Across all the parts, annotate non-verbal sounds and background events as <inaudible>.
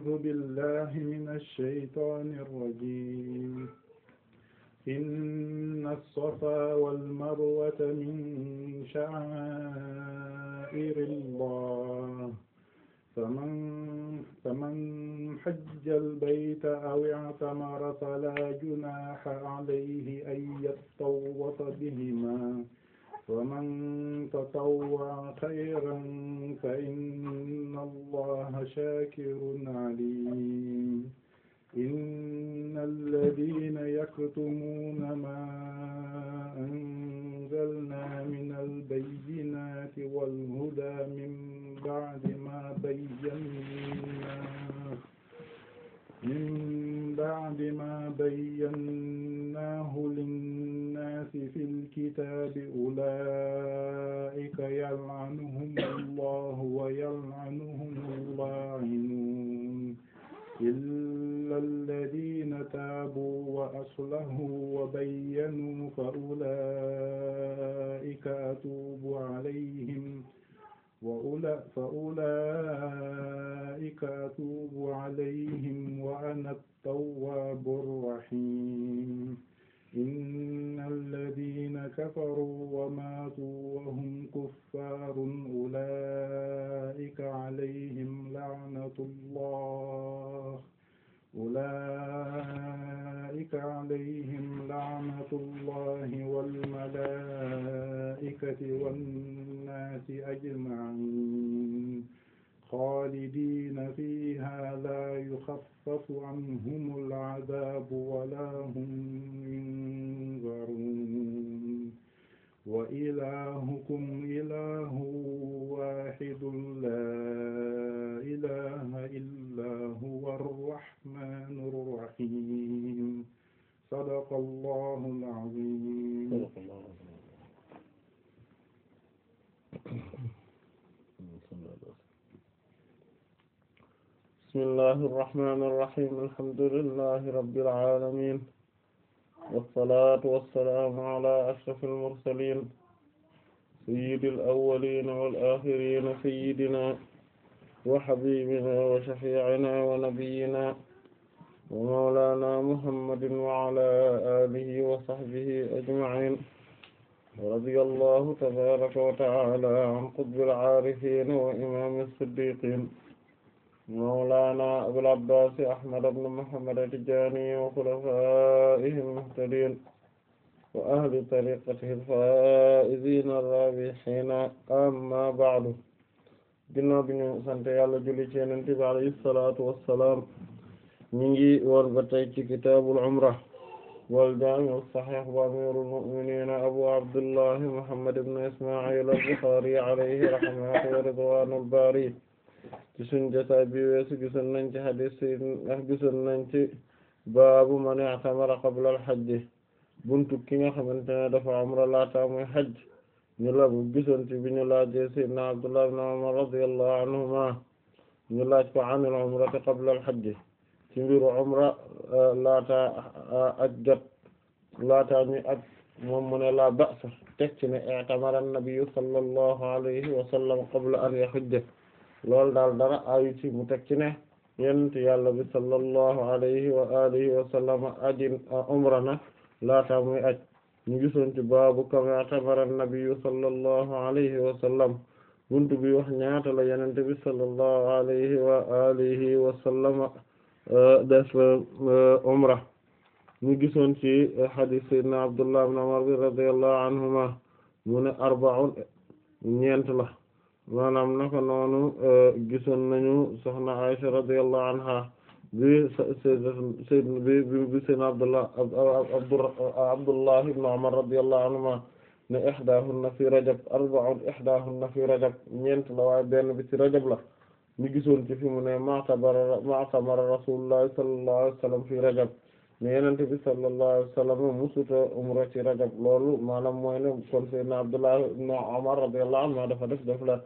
أعوذ بالله من الشيطان الرجيم إن الصفا والمروة من شعائر الله فمن فمن حج البيت أو اعتمر فلا جناح عليه أن يطوف بهما ومن تطوع خيرا فإن الله شاكر عليم إن الذين يكتمون ما أنزلنا من البينات والهدى من بعد ما بيناه من بعد ما بيناه للناس الناس في الكتاب أولئك يلعنهم الله ويلعنهم اللاعنون إلا الذين تابوا وأصلحوا وبينوا فأولئك أتوب عليهم فأولئك أتوب عليهم وأنا التواب الرحيم إن الذين كفروا وماتوا وهم كفار أولئك عليهم لعنة الله أولئك عليهم لعنة الله والملائكة والناس أجمعين xaalidiina fiihaa laa yuxaffafu anhumul azaabu wa laa hum yunzaruun wa ilaahukum ilaahun waahidun laa ilaaha illaa huwa arrahmaanu arrahiim sadaqallaahu al-aziim bismillahi irrahmani irrahim alhamdulillahi rabbil alamin wassalatu wassalamu ala ashrafil mursalin sayyidil awwalina wal akhirina sayyidina wa habibina wa shafi'ina wa nabiyyina wa mawlana muhammadin wa ala alihi wa sahbihi ajma'in radiyallahu tabaraka wa ta'ala an qutbil arifin wa imam as-siddiqin mawlana abul abbas ahmad ibn muhammad at-tijani wa khulafaihi al-muhtadin wa ahli tariqatihi al-faizina ar-rabihina amma ba'du ginnaaw bi ñu sant yàlla julli ci Yonent bi alayhi salatu wassalam ñu ngi woon ba tey ci kitaabul umra wal jaami'u as-sahih wa amirul mu'minina abu abdullah muhammad ibn isma'il al-bukhari alayhi rahmatu wa ridwanul bari ci suñu jotaay bi weesu gisoon nañ ci hadis sayyidina gisoon nañ ci baabu man i'tamara qabla al-hajj buntu ki nga xamante ne dafa umra laata muy hajj ñu la gisoon ci bi ñu laajee sayyidina Abdullah ibn Umar radiyallahu anhuma ñu laaj ko an al-umrati qabla al-hajj ci mbiru umra euh, laata euh, ak jot laata ñuy ak moom mu ne la ba'sa teg ci ne i'tamara an-nabiyyu sallallahu alayhi wa sallam qabla an yahujja loolu daal dara ayu ci mu teg ci ne yonent yàlla bi sallallahu alayhi wa alihi wa sallam ajin umra na laata muy aj ñu gisoon ci baabu kama atabara sallallahu alayhi wa sallam buntu wax ñaata la yonent bi sallallahu alayhi wa alihi wa sallam def umra ñu gisoon ci hadith abdullah ibn umar bi anhuma mu arba'un ñeent la maanaam naka noonu euh, gisoon nañu soxna Aisha radiyallahu anha bi sayyidina bi bi sayyidina Abdullah Abdullah ibn Umar radiyallahu anhuma ne ihdahunna fi rajab arba'un ihdahunna fi rajab ñeent la waaye benn bi ci rajab la ñu gisoon ci fi mu ne ma'tabara ma'tamara rasulullah sallallahu alayhi wasallam fi rajab ne yenente bi sallallahu alayhi wasallam musuta umra ci rajab loolu maanaam mooy ne kon sayyidina Abdullah ibn Umar radiyallahu anhu dafa def def la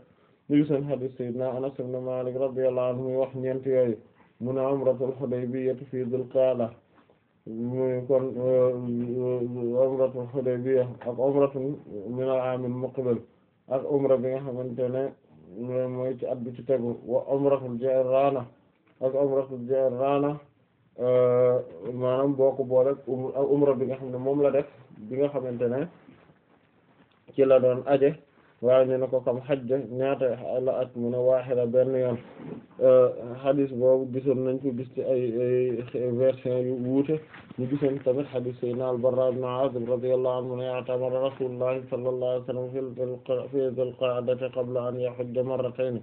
ñu ngi seen hadith sayyidina Anas ibn Malik radiyallahu muy wax ñeent yooyu mu ne umratul Hudaybiyyah fi Dhul Qa'dah muy kon uh, umratul Hudaybiyyah ak umratun min al-aam ak umra bi nga xamante ne mooy ci at bi ci tegu wa umratul Ji'rana ak umratul Ji'rana uh, maanaam boo ko boole um-, umra bi nga xam ne moom la def bi nga xamante ne la doon aje waaye ñu ne ko kam xajja ñaata la at mu ne waaxida benn yoon euh, xadis boobu gisoon nañ ko gis ci ay version yu wuute ñu gisoon tamit xadis sayyidina al-Barra ibn Azib radiyallahu anhu ne i'tamara rasulullahi sallallahu alayhi wa sallam fi dhil an yahujja marratayn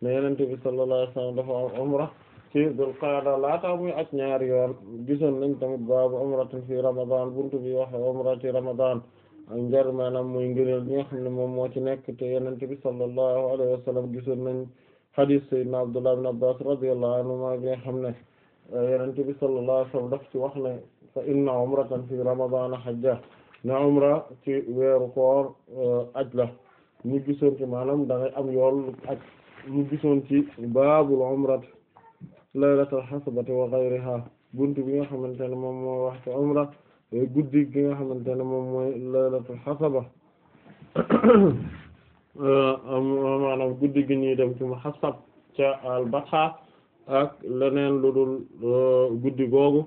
ne yonent bi sallallahu alayhi wa sallam dafa am umra ci dhil qa'da laata muy at ñaari yoon gisoon nañ tamit baabu umratin fi ramadan buntu bi wax umra ci ramadan ak njar maanaam mooy ngëneel bi nga xam ne moom moo ci nekk te yenente bi sallallahu alayhi wa sallam gisoon nañ hadith sayyidina Abdullah ibn Abbas radiyallahu anhuma bi nga xam ne euh, yenente bi sallallahu alayhi wa sallam daf ci wax ne fa inna umratan fi ramadana hajja na umra ci weeru koor euh, aj la ñu gisoon ci maanaam da ngay am yool ak ñu gisoon ci baabul umrat laylatul hasbati wa ghayriha buntu bi nga xamante ne moom moo wax ci umra guddi gi nga xamante ne moom mooy laylatul xasaba euh, maanaam guddi gi ñuy dem ci muhassab ca albatha ak leneen lu dul euh, guddi googu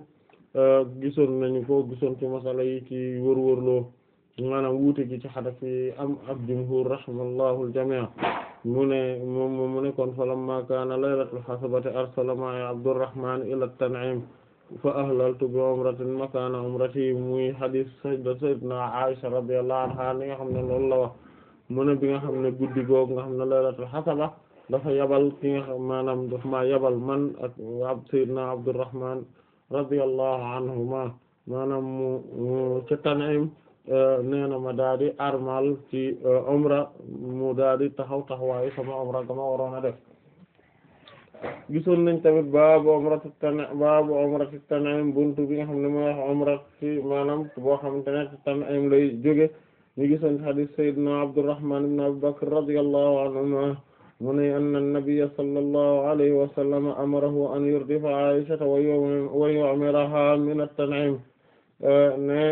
euh, gisoon nañu ko gison ci masala yi ci wërwërloo maanaam wuute gi ci xanafi yi am ak jumhur rahimallahu aljamii mu ne moom mu ne kon falamma kaana laylatul xasabati arsala ma'a abdurrahman ila tan'im fa ahlaltu bi umratin makana umrati muy hadis sayyidatuna Aisha radiyallahu anha ni nga xam ne loolu la wax mu ne bi nga xam ne guddi googu nga xam ne laylatul xasaba dafa yabal ki nga xam maanaam dafa ma yabal man ak sayyidina Abdurrahman radiyallahu anhuma maanaam mu ca Tan'im euh, nee na ma daal di armal ci euh, umra mu daal di taxaw taxawaayu sama umra gama waroon a def gisoon nañ tamit baabu umratu tan baabu umratu Tan'im buntu bi nga xam ne mooy wax umrat ci maanaam boo xamante ne Tan'im lay jóge ñu gisoon hadis sayyidina Abdurrahman ibn Abi Bakr radiyallahu anhuma mu ne anna an-nabiyya sallallahu alayhi wa sallam amarahu an yurdifa Aishata wa yu'miraha min at-Tan'im ne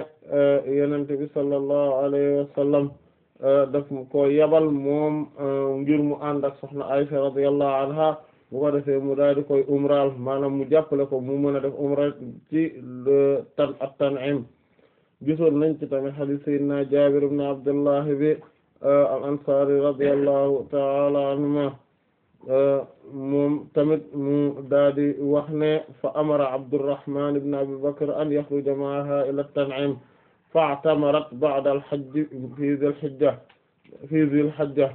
yenente bi sallallahu alayhi wa sallam daf ko yabal moom ngir mu ànd ak soxna Aisha radiyallahu anha bu ko mu daal koy umraal maanaam mu jàppale ko mu mën a def umra ci tan at tan'im gisoon nañ ci tamit hadith Abdullah bi euh, al ansari radiyallahu ta'ala anhuma euh, mu daal di wax ne fa amara Abdurrahman ibn Abi Bakr an yakhruja ma'aha ila tan'im fa'tamarat ba'da al-hajj fi dhil hijja fi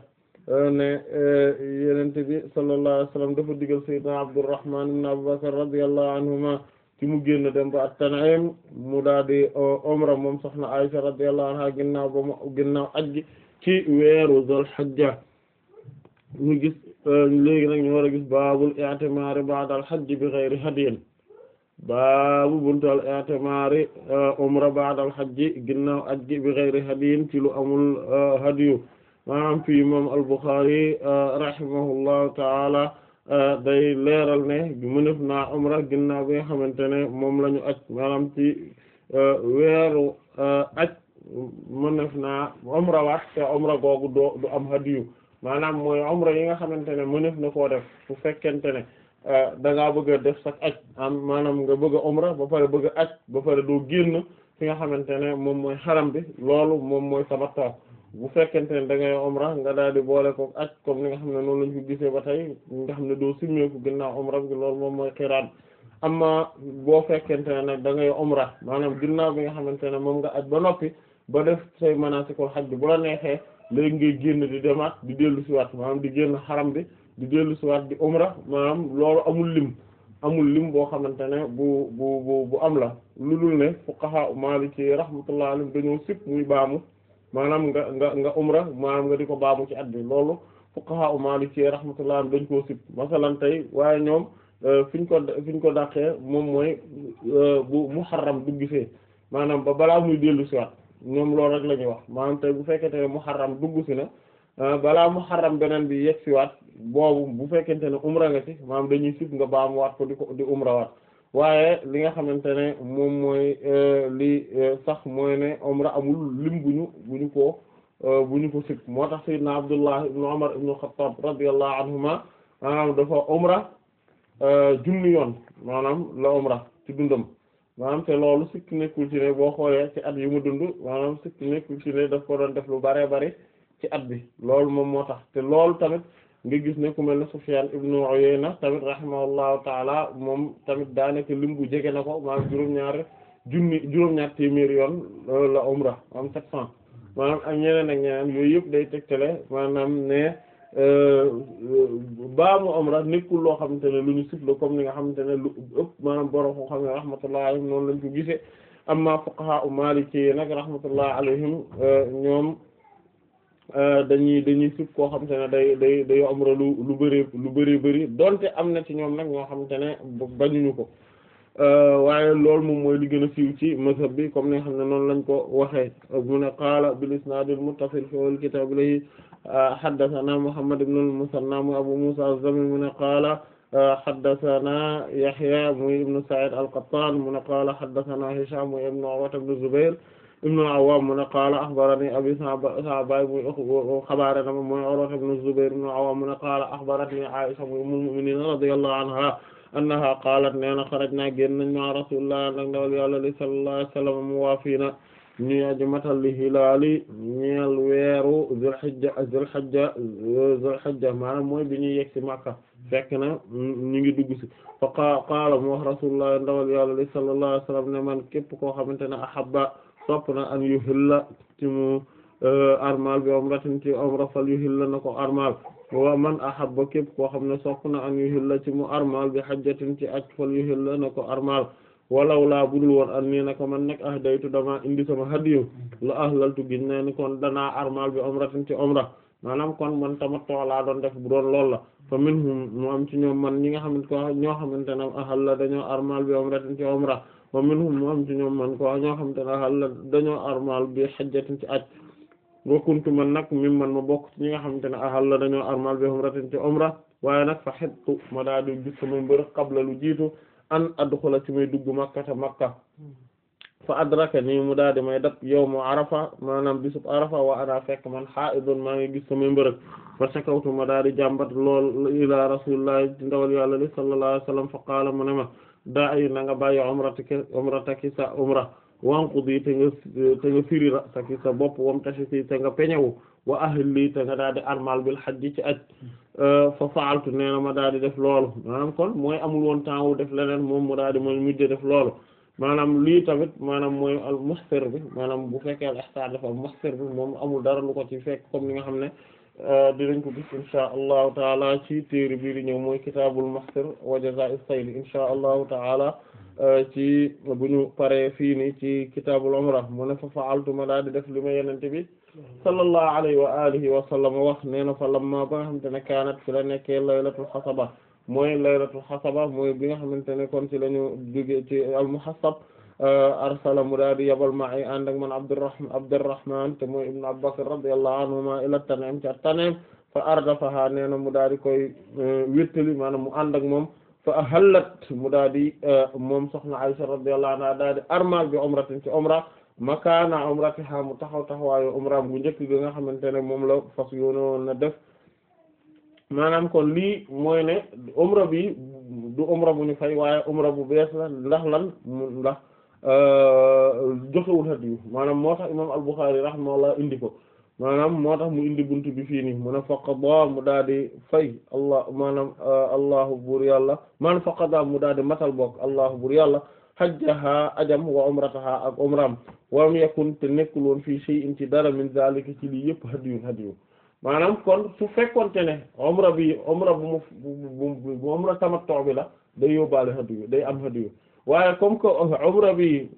ne eh, yenente bi sallallahu alayhi wa sallam dafa digal sayyidina Abdurrahman ibn Abu Bakr anhuma ci mu génn dem ba at-Tan'im mu daal di eh, umra moom soxna Aisha radiyallahu anha ginnaaw ba ajji ci weeru Dhul Hijja ñu gis eh, léegi nag ñu war a gis baabul i'timaar ba'da al-hajj bi ghayri hadyin baabu buntu al-i'timaar umra ba'da al-hajj ajji bi ghayri hadyin ci lu amul hadiyu maanaam fii moom al-Bukhari euh, rahimahullahu taala euh, day leeral ne mënef naa umra ginnaaw bi nga xamante ne moom lañu ñu aj maanaam ci euh, weeru aj mënef naa umra waat te umra googu du am hadiyu maanaam mooy umra yi nga xamante ne mënef na koo def fu fekkente ne da ngaa bëgg a def sax aj am maanaam nga bëgg a umra ba pare bëgg a aj ba pare doo génn fi nga xamante ne moom mooy xaram bi loolu moom mooy tamattu bu fekkente ne da ngay umra nga daal di boole ko aj comme ni nga xam ne noonu lañ ko gisee ba tey nga xam ne doo simmeeku ginnaaw umra bi loolu moom mooy am amma boo fekkente ne nag da ngay umra maanaam ginnaaw bi nga xamante ne moom nga aj ba ba def say manaasikul hajj bu la neexee léegi ngay génn di demaat di dellu siwaat maanaam di génn xaram bi di dellu siwaat di umra maanaam loolu amul lim amul lim boo xamante ne bu bu bu am la lu dul ne fuqaha maliki rahmatullah alayhim dañoo sip muy baamu maanaam nga nga nga umra maanaam nga di ko baamu ci at bi loolu fuqaha u maliki rahmatullah dañ koo sib masalan tey waaye ñoom euh, fi ñu ko fiñ ko dàqee moom mooy euh, bu muharram dugg see maanaam ba balaa muy dellu si waat ñoom loolu rek la ñuy wax maanaam bu fekkente ne muharram dugg si na euh, balaa muharram beneen bi yegg si waat boobu bu fekkente ne umra nga si maanaam dañuy sib nga baamu waat ko di ko di umra waat waaye li nga xamante ne moom mooy euh, li euh, sax mooy ne umra amul lim bu ñu bu ñu ko euh, bu ñu ko sib moo tax sayyidna Abdullah ibn Umar ibn Khattab radiyallahu anhuma maanaam dafa umra junni yoon maanaam la umra ci dundam maanaam te loolu sikk nekkul ci ne boo xoolee ci at yi mu dund maanaam sikk nekkul ci ne daf ko doon def lu bare bare ci at bi loolu moom moo tax te loolu tamit nga gis ne ku mel ne Sufyan ibnu Uyayna tamit rahimahullahu taala moom tamit daanaka lim bu jege na ko maanaam juróom-ñaar junni juróom-ñaar téeméer yoon euh, la umra am 700 maanaam ak ñeneen ak ñeneen yooyu yëpp day tegtale maanaam ne euh, baamu umra nekkul loo xamante ne lu ñu sif la comme ni nga xamante ne lu ëpp maanaam borom koo xam ne rahmatullahi alayhim lañ ko gisee amma fuqaha u Maliki euh, ñoom. Euh, dañuy dañuy sib koo xam te ne day day day am lu lu bëree lu bëree bëri donte am na ci ñoom nag ñoo xam te ne bañuñu ko euh, waaye loolu moom mooy li gën a ci mazhab bi comme ni nga xam ne noonu lañ ko waxee mu ne qaala bil isnaadil muttasil fi al kitaab ilayhi euh, haddathana muhammad ibn al musanna mu abu musa az-zami mu ne qaala haddathana yahya muy ibn sa'id al qattan mu ne qaala haddathana hisham muy ibn urwa ibn zubair ibn al-Awwam mu ne qaala axbarani abi Sa'ba muy xabaare na ma mooy Urwa ibn Zubayr ibn al-Awwam mu ne qaala axbaratni Aisha ummul mu'minin radiyallahu anha annaha qaalat nee na xarajna génn nañ ma rasulillah nag ndawal yàlla li sallallahu alayhi wa sallam mu waafiina ñu aji matal li hilaali ñeel weeru Zulhijja Zulhijja Zulhijja maanaam mooy bi ñuy yegg ci Makka fekk na ñu ngi dugg ci fa qaala mu wax rasulillah ndawal yàlla li sallallahu alayhi wa sallam ne man képp koo xamante ne ahabba sopp na an yuhilla ci mu eh, armal bi umratin ci umra fal yuhilla na ko armal wa man ahabba képp koo xam ne sopp na an yuhilla ci mu armal bi hajjatin ci aj fal yuhilla na ko armal walaw laa budul woon an nii naka man nag ahdaytu dama indi sama hadiyu la ahlaltu gin ne ni kon danaa armal bi umratin ci umra maanaam kon man tamattu laa doon def bu doon loolu la fa minhum mu am ci ñoom man ñi nga xamante ko ñoo xamante ne ahalla dañoo armal bi umratin ci umra wa minhum mu am ci ñoom man ko ñoo xam te ne xalla dañoo armal bi xajjatin ci aj wa kuntu man nag mim man ma bokk ci ñi nga xamante ne ahalla dañoo armal bi umratin ci umra waaye nag fa xettu ma daa di gis samay mbërëx qabla lu jiitu an adxula ci may dugg makkata makka fa adraka nii mu daa di may dab yawmu arafa maanaam bisub arafa wa ana fekk man haa'idun maa ngi gis samay mbërëg fa shakawtu ma daa di jàmbat lool ila rasulillahi ndawal yàlla li sallallahu alayhi daa ay na nga bàyyi umrataki umrataki sa umra wanqudi te nga te nga firi rasaki sa bopp wam tashisi te nga peñewu wa ahli te nga daal di armal bil hajji ci aj euh, fa faaltu nee na ma daal di def loolu maanaam kon mooy amul woon temps wu def leneen moom mu daal di mooy mujj def loolu maanaam lii tamit maanaam mooy al muhsir bi maanaam bu fekkee al ihsaan dafa am muhsir bi moom amul dara lu ko ci fekk comme ni nga xam ne Euh, dinañ ko gis insha allahu taala ci téere bii di ñëw mooy kitaabul mahsir wa jazaa'i sayl insha taala euh, ci bu ñu paree fii nii ci kitaabul umra mu ne fa fa'altu ma daal di def li ma yenente bi sallallahu alayhi wa alihi wa sallam wax nee na fa lamma ba nga xamante ne kaanat fi la nekkee laylatul xasaba mooy laylatul xasaba mooy bi nga xamante ne kon ci la ñu jóge ci al Euh, arsala mu daal di yabal ma ay ànd ak man Abdurrahman Abdurrahman te mooy ibnu Abbas radiyallahu anhuma ila Tan'im ca Tan'im fa ardafaha nee mu daal di koy euh, wéttali maanaam mu ànd ak moom fa ahallat mu daal di euh, moom soxna Aysa radiyallahu anha daal di armal bi umratin ci umra makaana umratiha mu taxaw taxawaayu umraam bu njëkk bi nga xamante ne moom la fas yóone woon na def maanaam kon lii mooy ne umra bi du umra bu ñu fay waaye umra bu bees la ndax lan ndax Euh, joxewul hadiyu maanaam moo tax imam al-Bukhârî rahimahullah indi ko maanaam moo tax mu indi buntu bi fii nii mu ne faqada mu daal di fay allah maanaam euh, allahu buur yàlla maanaam faqada mu daal di matal bokk allahu buur yàlla hajjaha ajam wa umrataha ak umram walam yakun te nekkul woon fii shay'in ci dara min zalika ci lii yëpp hadiyun hadiyu maanaam kon su fekkonte ne umra bi umra bu mu bu umra tamattu bi la day yóbbaale hadiyu day am hadiyu waaye comme que umra bi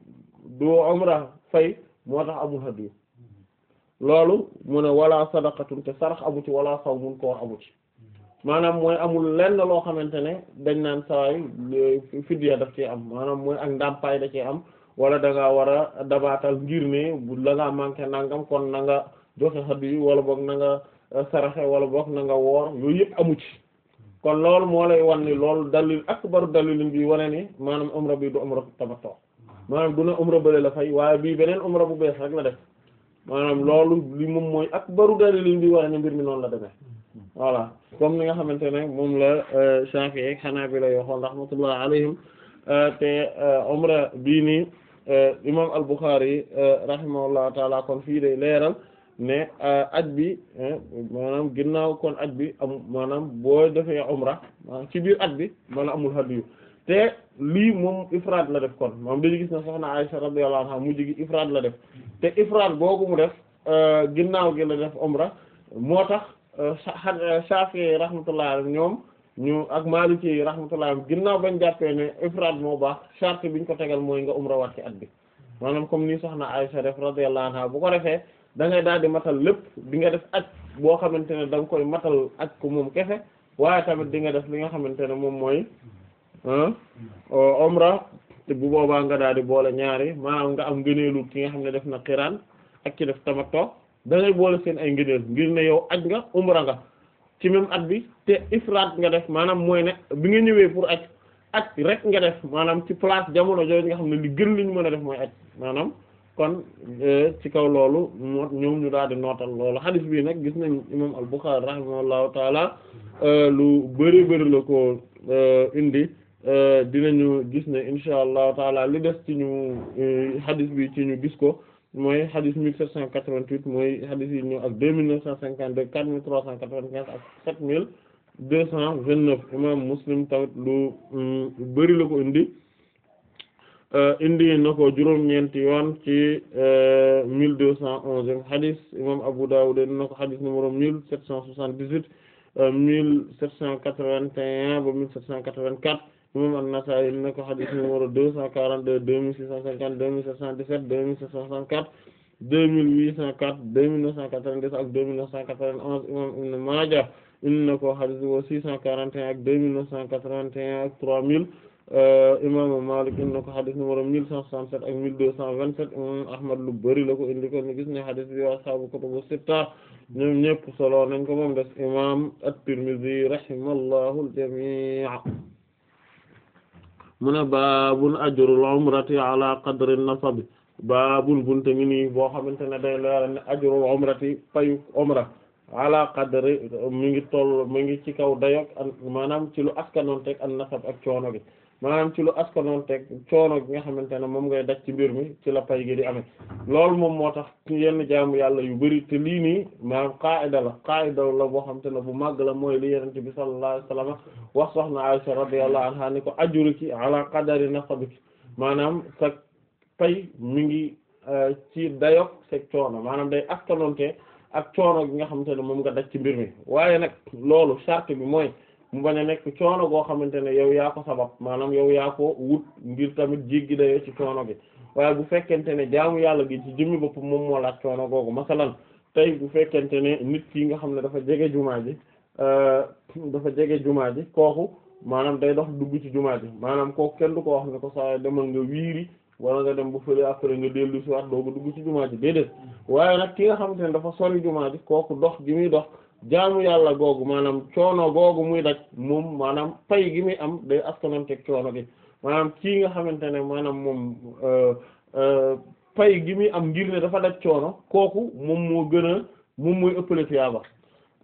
du umra fay moo tax amul hadiyu loolu mu ne wala sadaqatun te sarax amu ci wala sawmun koor amu ci maanaam mooy amul lenn loo xamante ne dañ naan sawaay eh, fidya daf ci am maanaam mooy ak ndàmpaay da ci am wala da ngaa war a dabaatal ngir ne bu la ngaa manqué nangam kon na nga joxe yi wala boog na nga eh, saraxe wala boog na nga woor yooyu yëpp amu ci kon loolu moo lay wan ni loolu dalil akbaru dalilin bi wane ni maanaam umra bi du umra tamattu maanaam du na umra bële la fay waaye bii beneen umra bu bees rek la def maanaam loolu li moom mooy akbaru dalilin bi wane ni mbir mi noonu la demee voilà comme ni nga xamante ne moom la euh, Shafi'i ak Hanabila yoo xool rahmatullah alayhim euh, te euh, umra bii nii imam al-Bukhari rahimahullahu taala kon fii day leeral ne euh, aj bi maanaam ginnaaw kon aj bi am maanaam boo defee umra ci biir at bi maanaam amul hadiyu te lii moom ifraad la def kon moom dañu gis na soxna Aysa radiyallahu anha mujj gi ifraad la def te ifraad boobu mu def euh, ginnaaw gi la def umra moo tax euh, Shaafi'i rahmatullahi alayhi ñoom ñu ak Maaliki yi rahmatullahi alayhi ginnaaw bañ jàppee ne ifraad moo baax charte biñ ko tegal mooy nga umra waat ci at bi maanaam comme ni soxna Aysa def radiyallahu anha bu ko defee da ngay daal di matal lépp di nga def aj boo xamante ne da nga koy matal aj ko moom kese waaye tamit di nga def li nga xamante ne moom mooy hmm. omra te bu boobaa nga daal di boole ñaari maanaam nga am ngëneelu ki nga xam ne def na xiraan ak ki def tamattu da ngay boole seen ay ngëneel ngir ne yow aj nga umra nga ci même at bi te ifraat nga def maanaam mooy ne bi nga ñëwee pour aj aj rek nga def maanaam ci place jamono jooju nga xam ne li gën liñ mën a def mooy aj maanaam kon eh, ci kaw loolu moo ñoom ñu daal di nootal loolu xadis bi nag gis nañ imam al-Bukhari rahimahullahu taala eh, lu bëri bari la ko eh, indi dinañu gis ne insha allahu taala li des ci ñu xadis bi ci ñu gis ko mooy xadis mille sept cent quatre-vingt-huit mooy xadis yi ñu ak deux mille neuf cent cinquante-deux quatre mille trois cent quatre-vingt-quinze ak sept mille deux cent vingt-neuf imam Muslim tamit lu mm, bari la ko indi Euh, indi na juróom-ñeenti yoon ci euh, mille deux cent onzième hadis imam Abu Dawud indi na ko hadis numéro mille sept cent soixante-dix-huit euh, mille sept cent quatre-vingt-un ba mille sept cent quatre-vingt-quatre imam An-Nasa'i na ko hadis numéro deux cent quarante-deux deux mille six cent cinquante deux mille sept cent dix-sept deux mille sept cent soixante-quatre deux mille huit cent quatre deux mille neuf cent quatre vingt onze imam Ibn Maaja indi na ko hadis numéro six cent quarante et un ak deux Euh, imaamu Maalik indi na ko xadis numéro mille cent sept ak mille deux cent vingt-sept imaamu Ahmad lu bari la ko indi ko ni gis ne xadis bi waa ashaabu kutubu sitta solo nañ ko moom des imaam at-Tirmidhi rahimallahu al-jamii' mu ne baabun ajrul umrati ala qadri nasabi baabun bunte ngi nii boo xamante ne day leeral ne ajrul umrati payu umra ala qadri mi ngi toll mi ngi ci kaw dayok an maanaam ci lu askanoon teg an nasab ak coono bi maanaam ci lu askanoon teg coono gi nga xamante ne moom ngay daj ci mbir mi ci la pay gi di amee loolu moom moo tax yenn jaamu yàlla yu bari te lii nii maanaam qaa'ida la qaa'ida la boo xamante ne bu màgg la mooy li yenente bi sallallahu alayhi wasallam wax soxna Aisha radiyallahu anha ni ko ajruki ala qadari nasabiki maanaam sa pay mu ngi euh, ci dayok sa coono maanaam day askanoonte ak coono gi nga xamante ne moom nga daj ci mbir mi waaye nag loolu charte bi mooy mu bañ a nekk coono goo xamante ne yow yaa ko sabab maanaam yow yaa ko wut ngir tamit jéggi dayoo ci coono gi waaye bu fekkente ne jaamu yàlla gi ci jëmmi bopp moom moo laaj coono googu tey bu fekkente ne nit ki nga xam ne dafa jege jumaa ji euh, dafa jege jumaa ji kooku maanaam day dox dugg ci jumaa ji maanaam kooku kenn du ko wax ne ko saa demal nga wiiri wala nga dem bu fële après nga dellu si waat dooga dugg ci jumaa ji déedéet mm. waaye nag ki nga xamante ne dafa sori jumaa ji kooku dox gi muy dox jaamu yàlla googu maanaam coono googu muy daj moom maanaam pay gi muy am day askananteeg coono gi maanaam kii nga xamante ne maanaam moom euh, euh, pay gi muy am ngir ne dafa daj coono kooku moom moo gën a moom mooy ëppale tiyaaba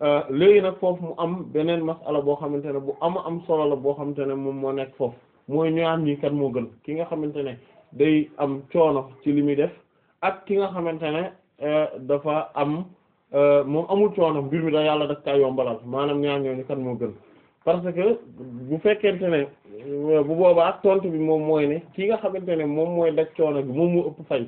euh, léegi nag foofu mu am beneen masala boo xamante ne bu am am solo la boo xamante ne moom moo nekk foofu mooy ñaar ñi kat moo gën ki nga xamante ne day am coono ci li muy def ak ki nga xamante ne dafa am Euh, moom amul coono mbir mi da yàlla daf kaa yombalal maanaam ñaar ñooñu kan moo gën parce que bu fekkente ne euh, bu boobaa tontu bi moom mooy ne ki nga xamante ne moom mooy daj coono bi moom moo ëpp fay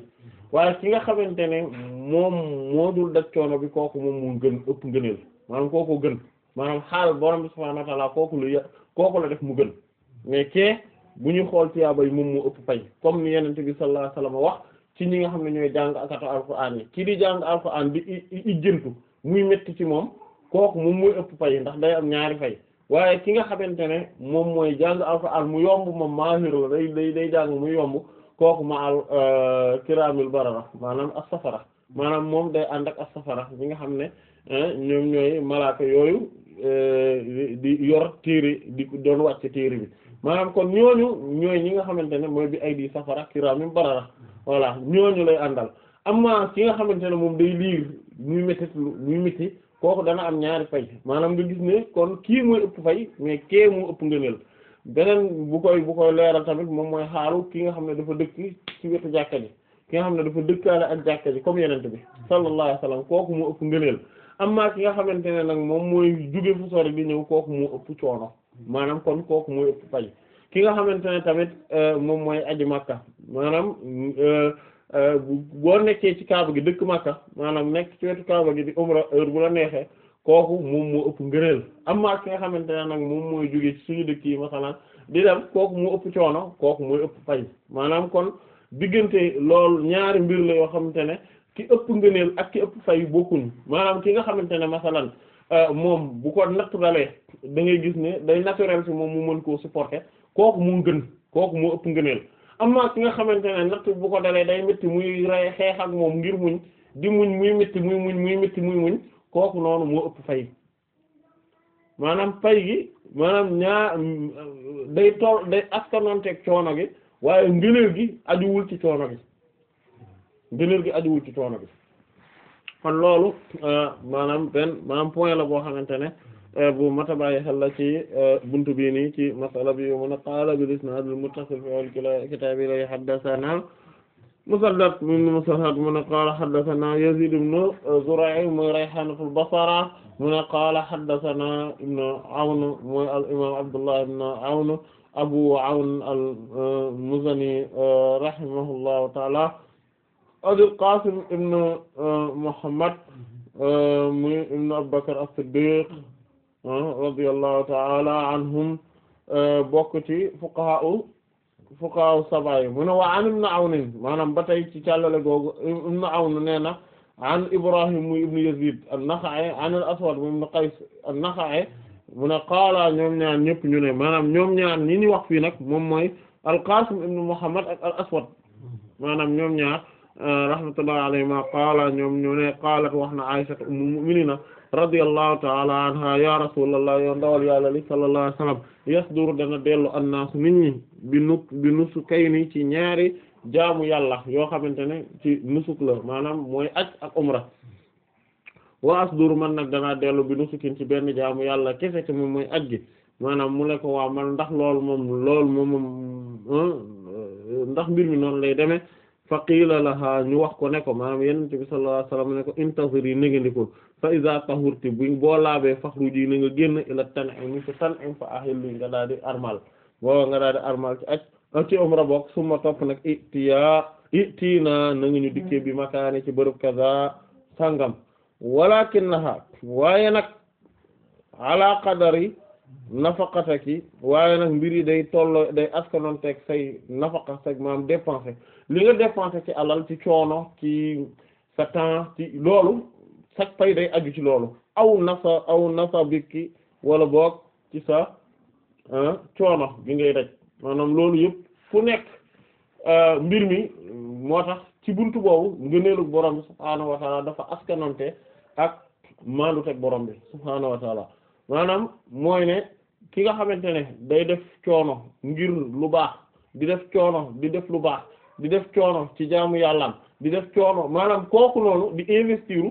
waaye ki nga xamante ne moom moo dul daj bi kooku moom moo gën ëpp ngëneel maanaam kooku gën maanaam xaal borom bi subhaanahu wa ta'aala kooku la kooku la def mu gën mais kee bu ñu xool tiyaaba yi moom moo ëpp fay comme ni yonent bi sallallahu sa wa sallam wax ci ñi nga xam ne ñooy jàng akatu alxuraan yi kii di jàng alxuraan di ijjantu muy métti ci moom kooku moom mooy ëpp fay ndax day am ñaari fay waaye ki nga xamante ne moom mooy jàng alxuraan mu yomb moom maahiru day day jàng mu yomb kooku ma al euh, kiraamil barara maanaam as-safara maanaam moom day ànd ak as-safara ñi nga xam ne ñoom ñooy malaaka yooyu euh, di yor téere di doon wàcc téere bi maanaam kon ñooñu ñooy ñi nga xamante ne mooy bi ay di safara kiraamim barara voilà ñooñu lay àndal amma ki nga xamante ne moom day liir muy métti muy métti kooku dana am ñaari fay maanaam nga gis ne kon kii mooy ëpp fay moo ëpp ngëneel beneen bu koy bu koy leeral tamit moom mooy xaalu ki nga xam ne dafa dëkk ci wetu jàkka ji nga xam ne dafa dëkkaale ak jàkka ji comme yenent bi sallallahu alayhi wasallam kooku moo ëpp ngëneel ki nga xamante ne nag moom mooy jóge fu sori di ñëw kooku moo ëpp coono maanaam kon kooku mooy ëpp pay ki nga xamante ne tamit euh, moom mooy aji makka maanaam euh, euh, boo nekkee ci kaaba gi dëkk makka maanaam nekk ci wetu kaaba gi di umra heure bu la neexee kooku moom moo ëpp am amma ki nga xamante ne nag moom mooy jóge ci suñu dëkk yi masalan di dem kooku moo ëpp coono kooku mooy ëpp pay maanaam kon diggante loolu ñaari mbir la yoo xamante ne ki ëpp ngëneel ak ki ëpp fay bokkuñ maanaam ki nga xamante ne masalan Euh, moom bu ko nattu dalee da ngay gis ne day naturel ci moom mu mën koo supporter kooku mu gën kooku moo ëpp ngëneel am na ki nga xamante ne natt bu ko dalee day métti muy rey xeex ak moom ngir muñ di muñ muy métti muy muñ muy kooku noonu moo ëpp fay maanaam fay gi maanaam ñaa day tool day askanoonteeg coono gi waaye ngëneel gi ajuwul ci coono gi ngëneel gi ajuwul ci coono gi kon loolu euh, maanaam benn point la boo xamante ne euh, bu mata bàyyi xel la ci euh, bunt bii nii ci masala bi mu ne qaala bil isnaad al muttasil fi al kitaab ilay haddasanaa Musaddad ibn mu ne qaala haddasanaa Yaziid ibn Zuray' mooy Rayhaanatul Basra mu ne qaala haddasanaa ibn Awn mooy al imaam Abdullah ibn Awn Abu Awn al Muzani rahimahullahu ta'aala Abul Qasim ibn uh, Muhammad uh, muy ibn Abubakar as-Siddiq uh, radiyallahu ta'ala anhum bokk ci fuqahaa'u fuqahaa'u sab'a yi wa an ibn Awn maanaam ba tey ci càllale googu ibn Awn nee na an Ibrahim ibn Yazid an-Nakha'i an al-Aswad muy ibn Qays an-Nakha'i mu ne qaala ñoom ñaar ñëpp ñu ne maanaam ñoom ñaar ñi wax fii nag moom mooy al-Qasim ibn Muhammad al-Aswad maanaam ñoom ñaar rahmatullah alayhima qaala ñoom ñu ne qaalat wax na Aisha ummul mu'minina radiyallahu ta'ala anha ya rasulullah yow ndawal yàlla li sallallahu alayhi wasallam yasduru dana dellu annaasu nit bi nu bi ci ñaari jaamu yàlla yoo xamante ne ci nusuk la maanaam mooy aj ak umra wa asduru man nag danaa dellu bi nusukin ci benn jaamu yàlla kese te mooy aj gi maanaam mu ne waa man ndax loolu moom lool moom ndax mbir mi noonu lay deme fa qiila laha ñu wax ko ne ko maanaam yonent bi sallallahu alayhi wasallam ne ko intaziri négandikol fa iza tahurti bu boo laabee fakhruji na nga génn ila tan'im ci tan'im fa ahilli nga daal di armal boo nga daal di armal ci aj ah, ci umra bokk suma topp nag itiya itina na nga ñu dikkee bi makaane ci bërëb kaza sangam walakinnaha waaye nag ala qadari ki waaye nag mbir yi day tolloo day askanoonteeg say nafaqa sag maam dépensé li nga dépensé ci alal ci coono ci sa temps ci loolu sag pay day aju ci loolu aw nasa aw nasa bikki wala boog ci sa ah, coono bi ngay rek maanaam loolu yëpp ku nekk ah, mbir mi moo tax ci buntu boobu ngëneelu borom bi subhaanahu wa dafa askanante ak maandu borom bi subhaanahu wa maanaam mooy ne ki nga xamante ne day def coono ngir lu baax di def coono di def lu baax di def coono ci jaamu yàllaam di def coono maanaam kooku noonu di investiru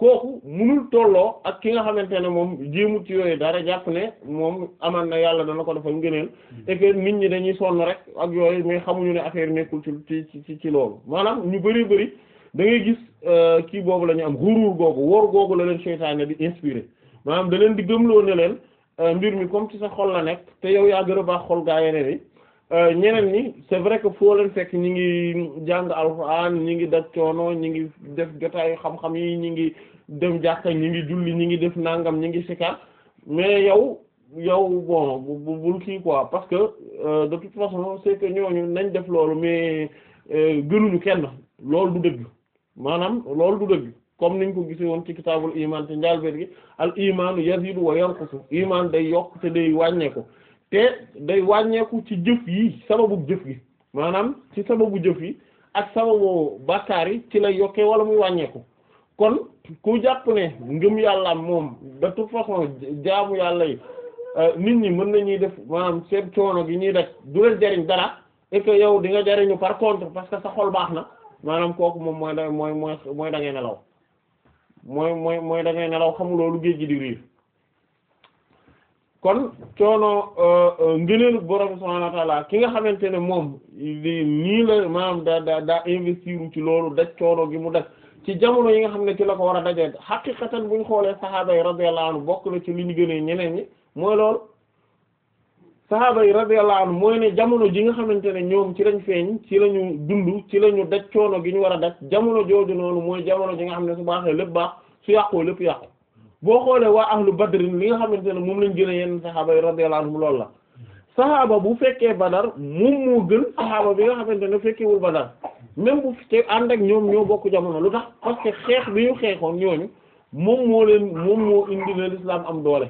kooku munul tolloo ak ki nga xamante ne moom jéemut ci yooyu dara jàpp ne moom aman na yàlla dana ko defal ngëneel hmm. et nit ñi dañuy sonn rek ak yooyu mais xamuñu ne affaire nekkul ci ci ci ci loolu maanaam ñu bari bari da ngay gis euh, kii boobu la ñu am xuruur googu woor googu la leen seytaane di inspiré maanaam da leen di gëmloo ne leen euh, mbir mi comme ci sa xol la nekk te yow yaa gën a baax xol gaa yeneen yi euh, ñeneen ñi c'est vrai que foo leen fekk ñi ngi jàng alxuraan ñi ngi daj coono ñi ngi def jotaayu xam-xam yi ñi ngi dem jàkka ñi ngi julli ñi ngi def nangam ñi ngi sikar mais yow yow bon bu bul parce que euh, de toute façon c'est que ñooñu nañ def loolu mais gënuñu kenn loolu du dëgg maanaam loolu du dëgg comme niñ ko gisee woon ci kitaabul iman te njaalbeen gi al imaanu yazidu wa yanqusu iman day yokk te day wàññeeku te day wàññeeku ci jëf yi sababu jëf gi maanaam ci sababu jëf yi ak sababu bàkkaar yi ci lay yokkee wala muy wàññeeku kon ku jàpp ne ngëm yàlla moom de toute façon jaamu yàlla yi euh, nit ñi mën nañuy def maanaam seen coono gi ñuy def du leen jariñ dara et que yow di nga jariñu par contre parce que sa xol baax na maanaam kooku moom mooy mooy mooy mooy da ngeen nelaw mooy mooy mooy da ngay nelaw xam loolu géej gi di riir kon coono euh, euh, ngëneelu borom subhaanahu wa ta'aala ki nga xamante ne moom nii la maanaam daa daa daa investir ci loolu daj coono gi mu daj ci jamono yi nga xam ne ci la ko war a dajee xaqiqatan bu ñu xoolee sahaaba yi radiyallahu anhu bokk na ci li ñu gënee ñeneen ñi mooy loolu sahaaba yi radiyallahu anhu mooy ne jamono ji nga xamante ne ñoom ci lañ feeñ ci lañu dund ci lañu daj coono gi ñu war a daj jamono jooju noonu mooy jamono ji nga xam ne su baaxee lépp baax su yàqoo lépp yàqu boo xoolee waa ahlu badrin li nga xamante ne moom lañ jëlee yenn sahaaba yi radiyallahu anhum loolu la saxaaba bu fekkee badar moom moo gën sahaaba bi nga xamante ne fekkewul badar même bu ci ànd ak ñoom ñoo bokk jamono lu tax parce que xeex bi ñu xeexoon ñooñu moo leen moom am doole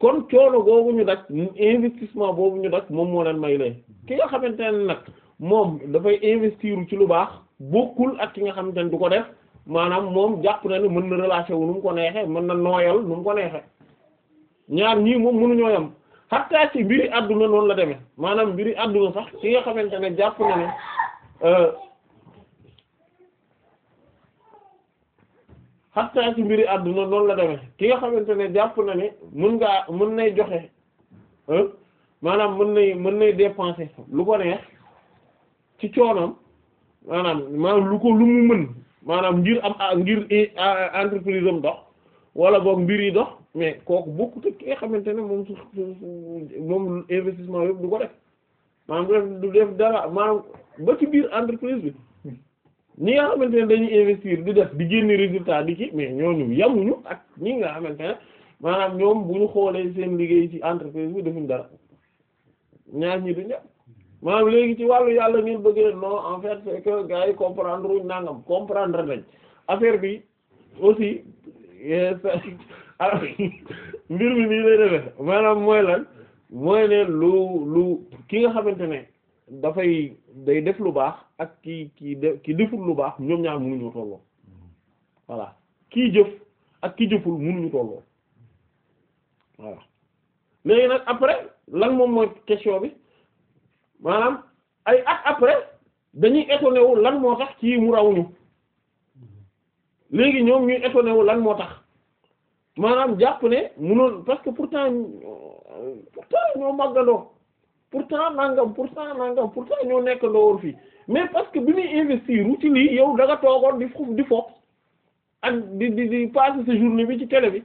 kon coono googu ñu daj investissement boobu ñu daj moom moo leen may lay ki nga xamante ne nag moom dafay investir ci lu baax bokkul ak ki nga xamante ne du ko def maanaam moom jàpp na ne mën na relâché wu nu mu ko neexee mën na nooyal nu mu ko neexee ñaar ñii moom mënuñoo yam xataa ci mbiri àdduna noonu la demee maanaam mbiri àdduna sax ki nga xamante ne jàpp na ne. Euh, xattaa ci mbiri àdduna noonu la dame ki nga xamante ne jàpp na ne mën ngaa mën nay joxe maanaam mën nay mën nay dépenser lu ko neex ci coonam maanaam maanaam lu ko lu mu mën maanaam ngir am ah, ngir eh, ah, entreprise am dox wala boog mbir yi dox mais kooku bokkut ak ki nga xamante ne moom su moom investissement yëpp du ko maanaam dara maanaam ba ci biir entreprise bi ñi nga xamante ne dañuy investir di def di génne résultat di ci mais ñooñu yamuñu ak ñi nga xamante ne maanaam ñoom bu ñu xoolee seen liggéey ci entreprise bi defuñ dara ñaar ñi duñ maanaam léegi ci wàllu yàlla ngeen bëggee non en fait c'est que gars yi comprendre wuñ nangam comprendre lañ affaire bi aussi euh, <laughs> ah, mbir mi nii lay defee maanaam mooy lan mooy ne lu lu ki nga xamante ne dafay day def lu baax. ak ki ki de ki deful lu baax ñoom ñaar mënuñu tolloo voilà kii jëf ak ki jëful mënuñu tolloo voilà léegi nag après lan moom mooy question bi maanaam ay at après dañuy étonné wu lan moo tax kii mu rawuñu léegi ñoom ñuy étonné wu lan moo tax maanaam jàpp ne munoon parce que pour pourtant euh, pourtant ñoo màggandoo pourtant nangam pourtant nangam pourtant ñoo nekk ndoo woon fii mais parce que bi muy investir ci lii yow danga toogoon di foofu di foofu ak di di di passer sa journée bi ci télé bi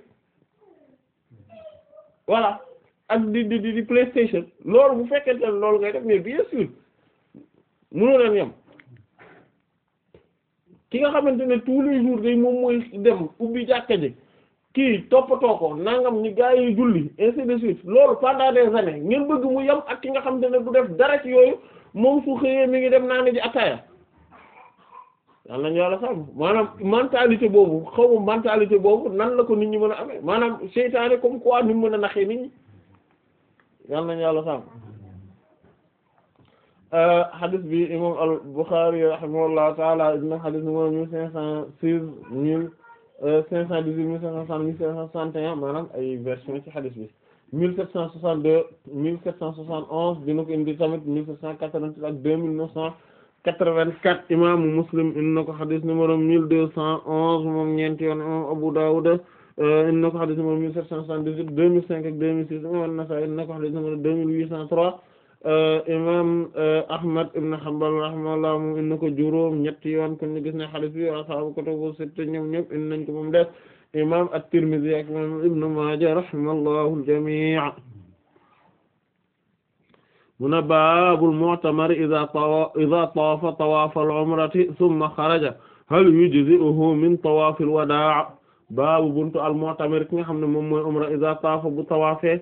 voilà ak di di di PlayStation loolu bu fekkee ne loolu ngay def mais bien sûr mënoo leen yem ki nga xamante ne tous les jours day moom mooy dem ubbi jàkka ji kii toppatoo ko nangam ni gaa yi julli ainsi d suite loolu pendant des années ngeen bëgg mu yem ak ki nga xam xamante ne du def dara ci yooyu. moom fu xëyee mi ngi dem naa di ji attaaya yal nañu yàlla maanaam mentalité boobu xaw ma mentalité boobu nan la ko nit ñi mën a amee maanaam seytaane comme quoi ni mu mën a naxee nit ñi yal nañu yàlla sàmm xadis euh, bi imam al Bukhari rahimahullahu taala dina xadis numéro mille cinq cent six mille euh, cinq cent dix-huit mille cinq cent soixante mille cent maanaam ay version ci xadis bi mille sept cent soixante-deux mille sept cent soixante-onze dina ko indi tamit mille sept cent quatre-vingt-six ak deux mille neuf cent quatre-vingt-quatre imaamu Muslim indi ko xadis numéro mille deux cent onze moom ñeenti yoon imam Abu Dawud euh, indi na ko xadis numéro mille sept cent soixante-dix-huit deux mille cinq ak deux mille six imam na ko xadis numéro deux mille huit cent trois euh, imam euh, Ahmad ibn Hanbal rahimahullah moom indi na ko juróom ñetti yoon kon ñu gis ne xadis bi ashaabu kutubu sitta ñoom ñëpp indi nañ ko imam at-Tirmidhi ak imam Ibn Maaja rahimallahu al-jamii' mu ne baabul mu'tamari idha tawa idha taafa tawaaf al-umrati thumma kharaja hal yujzi'uhu min tawaaf al-wadaa' baabu buntu al-mu'tamir ki nga xam ne moom mooy umra idha taafa bu tawaafee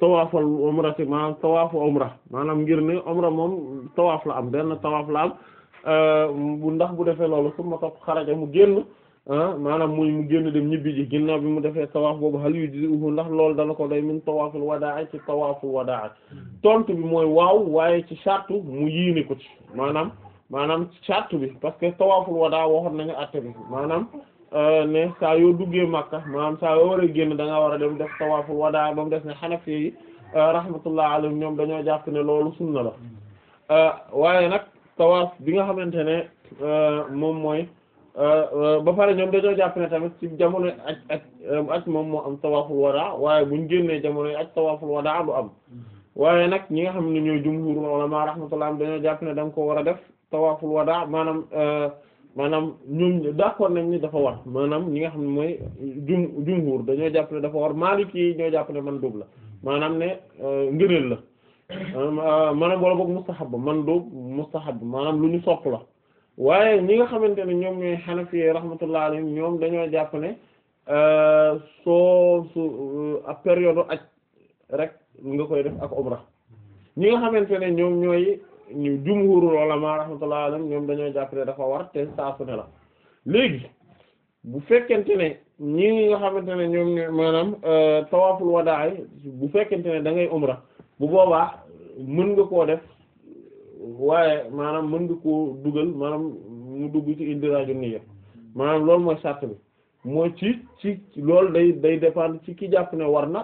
tawaafal umrati maanaam tawaafu umra maanaam ngir ne umra moom tawaaf la am benn tawaaf la am euh, bu ndax bu defee loolu summa topp xaraja mu génn Ah, maanaam muy mu génn dem ñibbi ji ginnaaw bi mu defee tawaaf boobu hal yujzi'uhu ndax loolu dana ko doy min tawaaful wadaa ci tawaaful wadaa tontu bi mooy waaw waaye ci sartu mu yiini ko ci maanaam maanaam sartu bi parce que tawaaful wadaa waxoon nañu àtte bi maanaam euh, ne saa yoo duggee Makka maanaam saa yoo war a génn da war a dem def tawaaful wadaa ba mu des ne Hanafi yi euh, rahmatullah alayhim ñoom dañoo jàpp ne loolu sunna la euh, waaye nag tawaaf bi nga xamante ne moom mooy. Euh, euh, ba pare ñoom dañoo jàpp ne tamit ci jamono aj aj euh, aj moom moo am tawaaful wadaa waaye ñu génnee jamono aj tawaaful wadaa du am waaye nag ñi nga xam ne ñooy jumhur ulama rahmatullah dañoo jàpp ne da ko war a def tawaaful wadaa maanaam maanaam ñoom d'accord nañ ni dafa war maanaam ñi nga xam ne mooy jum jumhur dañoo jàpp ne dafa war maalik yi ñoo jàpp ne man dóob la maanaam ne ngëneel la maanaam wala boog mustahab man dóob mustahab maanaam lu ñu sopp la waaye ñi nga xamante ne ñoom ñooy xanafi rahmatullah alayhim ñoom dañoo jàpp ne euh, soo su euh, ab période rek nga koy def ak umra ñi nga xamante ne ñoom ñooy ñu jumhurul ulama rahmatullah alayhim ñoom dañoo jàpp ne dafa war te saasu ne la léegi bu fekkente ne ñi nga xamante ne ñoom ne maanaam euh, tawaaful wadaa bu fekkente ne da umra bu boobaa mën nga koo def waaye maanaam mën nga koo dugal maanaam mu dugg ci indiraaju niyya maanaam loolu mooy sart bi mooy ci ci lool day day dépendre ci ki jàpp ne war na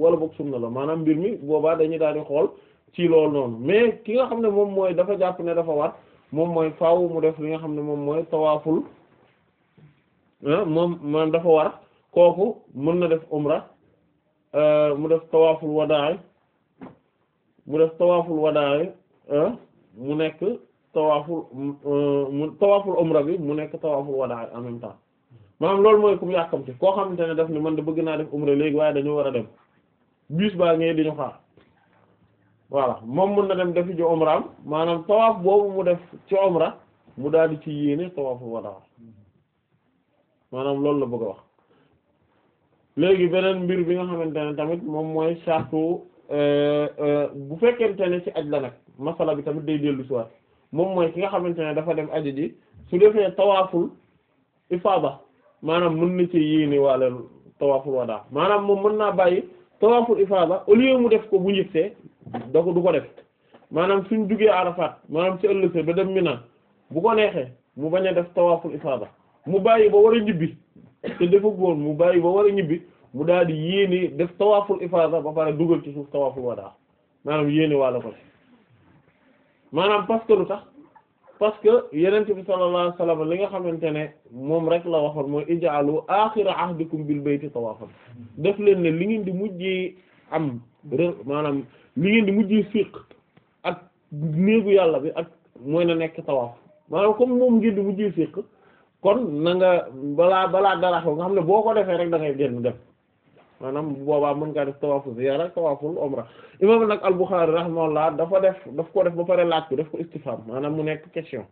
wala boog sunna la maanaam mbir mi boobaa dañuy daal di xool ci loolu noonu mais ki nga xam ne moom mooy dafa jàpp ne dafa war moom mooy faw mu def li nga xam ne moom mooy tawaaful ah, moom maanaam dafa war kooku mën na def umra euh, mu def tawaaful wadaay mu def tawaaful wadaay ah, mu nekk tawaaful mu tawaaful umra bi mu nekk tawaaful wadaa en même temps maanaam loolu mooy ku mu yàkkamti koo xamante ne daf ne man de bëgg naa def umra léegi waaye dañu war a dem bis baa ngee di ñu xaar voilà moom mën na dem defi ji umraam maanaam tawaaf boobu mu def ci umra mu daal di ci yéene tawaaful wadaa maanaam loolu la bëgg a wax léegi beneen mbir bi nga xamante ne tamit moom mooy sartu Euh, euh, bu fekkente ne ci aj la nag masala bi tamit day dellu siwaat moom mooy ki nga xamante ne dafa dem aji ji su defee tawaaful ifaada maanaam mën na ci yéene wala tawaaful wadaa maanaam moom mën naa bàyyi tawaaful ifaada au lieu mu def ko bu njëgsee da ko du ko def maanaam suñ jugee Arafat maanaam ci ëllëg ba dem Mina bu ko neexee mu bañ a def tawaaful ifaada mu bàyyi ba war a ñibbi te dafa góor mu bàyyi ba war a ñibbi mu daal di yéene def tawaaful ifaada ba pare dugal ci suuf tawaaful wadaa maanaam yéene wàlla ko maanaam parce lu sax parce que yenent bi sallallahu alayhi li nga xamante ne moom rek la waxoon mooy ij'alu aaxira ahdikum bil bayti tawaafan def leen ne li ngeen di mujjee am maanaam li ngeen di mujjee fiq ak néegu yàlla bi ak mooy na nekk tawaaf maanaam comme moom ngeen di mujjee fiq kon na nga balaa balaa dara xew nga xam ne boo ko defee rek da ngay génn def maanaam bu boobaa mën ngaa def tawaafu ziyaara tawaaful umra imaam nag al-Bukhari rahimahullah dafa def daf ko def ba pare laaj ko def ko istifham maanaam mu nekk question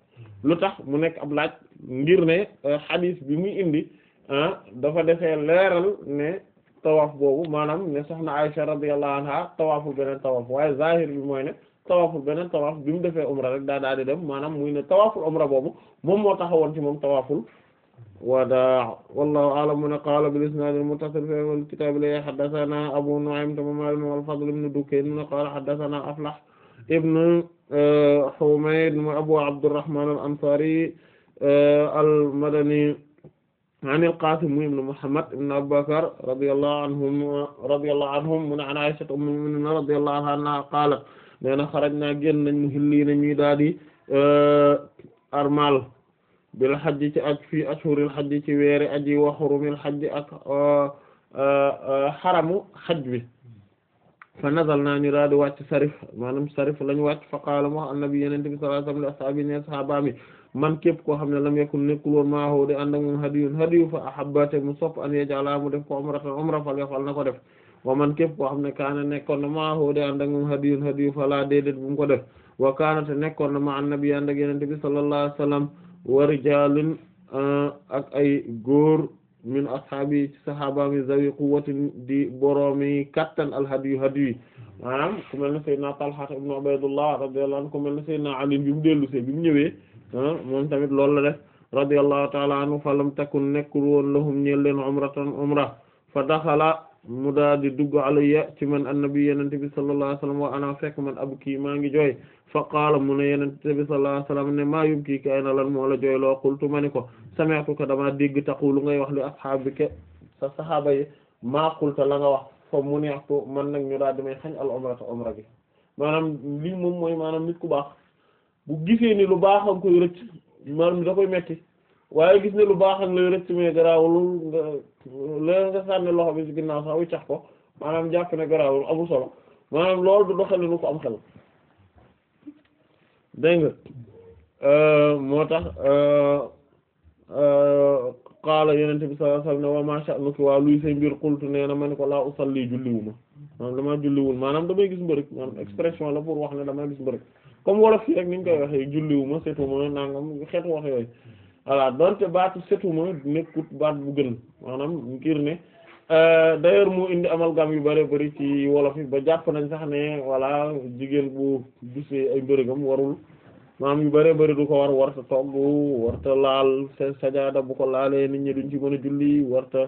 lu tax mu nekk ab laaj ngir ne euh, xadiis bi muy indi ah, dafa defee leeral ne tawaaf boobu maanaam ne soxna Aysa radiyallahu anha tawaaful beneen tawaaf waaye zahir bi mooy ne tawaaful beneen tawaaf bi mu defee umra rek daa daa di dem maanaam muy ne tawaaful umra boobu moom moo taxawoo ci moom tawaaful wadaa wallahu a'lam mu ne qaala bil isnaad al muttasil fil kitaab li haddathana abu nu'aym te moom al fadl ibn dukayn mu ne qaala haddathana aflah ibn eh, humayd mu abu abdurrahman al ansari eh, al madani an al qasim ibn muhammad ibn abubakar radiyallahu anhum radiyallahu anhum mu ne an aisha ummul mu'minin radiyallahu anha qaalat nee na xarajna génn nañ mu hilli na ñuy daal di eh, armal bil hajji ci aj fii ashhuril hajji ci weeri aji wa hurumil hajji ak uh, uh, uh, xaramu hajj bi fa nazalna ñu daal di wàcc sarif maanaam sarif la ñu wàcc fa qaala mu annabi yenente bi sallallahu alayhi wa sallam li ashaabi sahaabaami man képp koo xam ne lam yakun nekkul woon maahu de ànd ak moom hadiyun hadiyu fa ahabbate mu sopp an yajala mu def ko umratan umra fal yafal na ko def wa man képp koo xam ne kaana nekkoon na ma de ànd ak moom hadiyun hadiyu fala déedéet bu mu ko def wa kaanate nekkoon na ma annabi ànd ak yenente bi wa rijalun ak ay góor min ashaabi ci sahaabami zawi quwwatin di boroomi kattan alhadiyu hadiyu maanaam ku mel ne Seydina Talha ibn Ubaydullah radiyallahu anhu ku mel ne Seydina Ali bi mu dellu see bi mu ñëwee moom tamit loolu la def radiyallahu ta'ala anhu falam takun nekkul woon lahum ñeel leen umratan umra fa daxala mu daal di dugg alayya ci man annabi yenente bi sallallahu alayhi wasallam wa ana fekk man abki maa ngi jooy fa qaala mu a yenente bi sallallahu alayhi wasallam ne maa yubkiki ay na lan moo la jooy loo qultu ma ni ko sami'tuka dama dégg taqulu ngay wax li ashaabika sa sahaaba yi maa qulta la nga wax fa mu neextu man nag ñu daal di may xañ al umrata umra bi maanaam lii moom mooy maanaam nit ku baax bu gisee ni lu baax am koy rëcc maanaam da koy metti waaye gis ne lu baax am lay léeg nga sànni loxo bi ci ginnaaw sax wiccax ko maanaam jàpp na garaawul amul solo maanaam loolu du doxalinu ko am xel dégg nga euh, moo tax euh, euh, qaala yonent bi sallallahu alayhi wasallam ne waa luy say mbir qultu nee na ma ne ko laa usalli julliwuma maanaam damaa julliwul maanaam damay gis mbërëk maanaam expression la pour wax ne damaa gis mbërëk comme wolof yi rek ni ñu koy waxee julliwuma surtout mooy nangam xeetu wax yooyu voilà donte baatu setuma nekkut baat bu gën maanaam ngir ne euh, d'ailleurs mu indi amal gam yu bare bari ci wolof yi ba jàpp nañ sax ne voilà jigéen bu gisee ay mbërëgam warul maanaam yu bare bari du ko war warta togg warta laal sa sajaada bu ko laalee nit ñi duñ ci mën a julli warta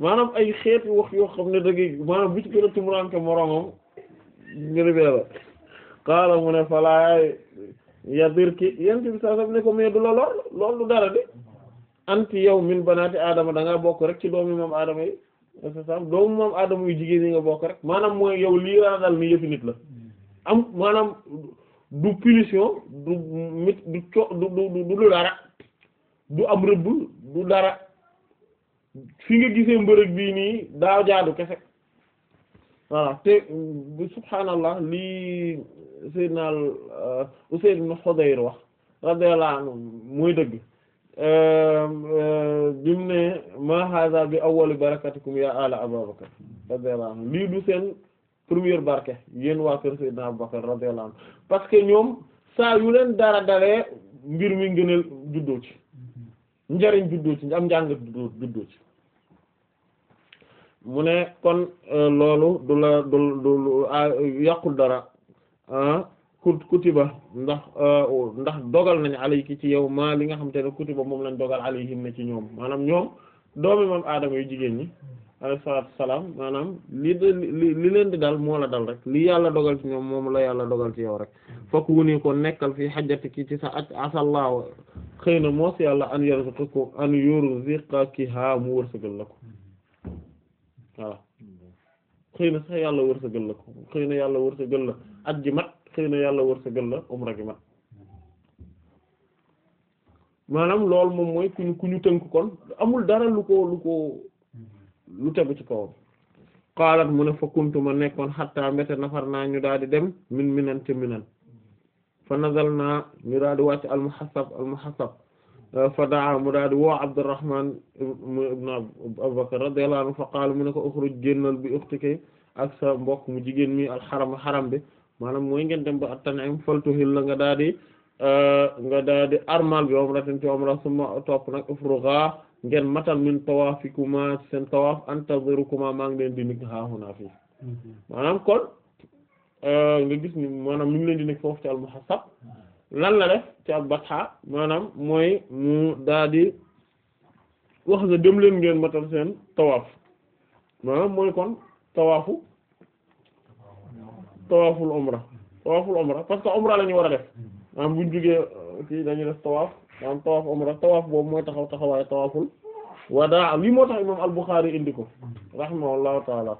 maanaam ay xeetu wax yoo xam ne dëgg maanaam bu ci gën a tumuranke moromam ngir bee la xaala mu ne falaay yadirki yenti bi saa sam ne ko mais du la lor loolu dara de anti yow min banaati aadama da bokk rek ci doomi moom aadama yi c'est ça doomu moom aadama yu jigéen yi nga bokk rek maanaam mooy yaw lii la dal ni yëfi nit la am maanaam du punition du mit du du dara du am rëbb du dara fi nga gisee mbërëg bii nii daa jaadu kese voilà te subhaanallah lii Seydina euh, Usayd ibn Hudayr wax radiyallahu anhu mooy dëgg euh, euh, bi mu ne ma hadha bi awwali barakatikum ya ala Abubakar radiyallahu anhu lii du seen première barke yéen waa kër Seydina Abubakar radiyallahu anhu parce que ñoom saa yu leen dara dalee mbir mi ngëneel juddoo ci njariñ juddoo ci am njàngat juddoo ci mu ne kon loolu du la du du yàqul dara Ah, ba ndax ah, oh, ndax dogal nañ nañu alayki ci yow maa li nga xam te ne kutiba moom lañ dogal alayhim na ci ñoom maanaam ñoom doomi moom aadama yu jigéen ñi alayhi salaatu salaam maanaam li li li leen di dal moo la dal rek li yàlla dogal ci ñoom moom la yàlla dogal ci yow rek fokk wu ni ko nekkal fii xajjati ki ci sa ak asallaahu xëy na moo si yàlla an yarzuqaku an yurziqakiha mu wërsëgal la ko voilà xëy na sax yàlla wërsëgal la ko xëy na yàlla wërsëgal la aj gi mat xëy na yàlla wërsëgal la umra gi mat maanaam loolu moom mooy ku ñu ku tënk kon amul dara lu ko lu ko lu tegu ci kawam xaalaat mu ne fa kuntu nekkoon xattaa mbéte nafar naa ñu daal di dem min minan ca minan fa nazal naa ñu daal di wàcc almuhassab almuhassab fa mu daal di woo Abdurrahman ibn Abu Bakr radiyallahu anhu fa qaala mu ne ko ukhruj génnal bi ukhtiki ak sa mbokk mu jigéen mi alxaram xaram bi maanaam mooy ngeen dem ba at-Tan'im la nga daal di euh, nga daal di armal bi umratin ci umra suma topp nag ifrugha ngeen matal min tawafikuma seen tawaaf antazirukuma maa ngi leen di nekk haahuna fii mhm. kon euh, nga gis ni maanaam mi ngi leen di nekk foofu ci lan la def ci ab batxa maanaam mooy mu daa di wax ne dem leen ngeen matal seen tawaaf maanaam mooy kon tawaafu tawaaful omra tawaaful omra parce que omra la ñu war a def maanaam buñ jógee ci euh, dañuy def tawaaf maanaam tawaaf omra tawaaf boobu mooy taxaw taxawaay tawaaful wadaa lii moo tax imam al-Bukhari indi ko rahimahullahu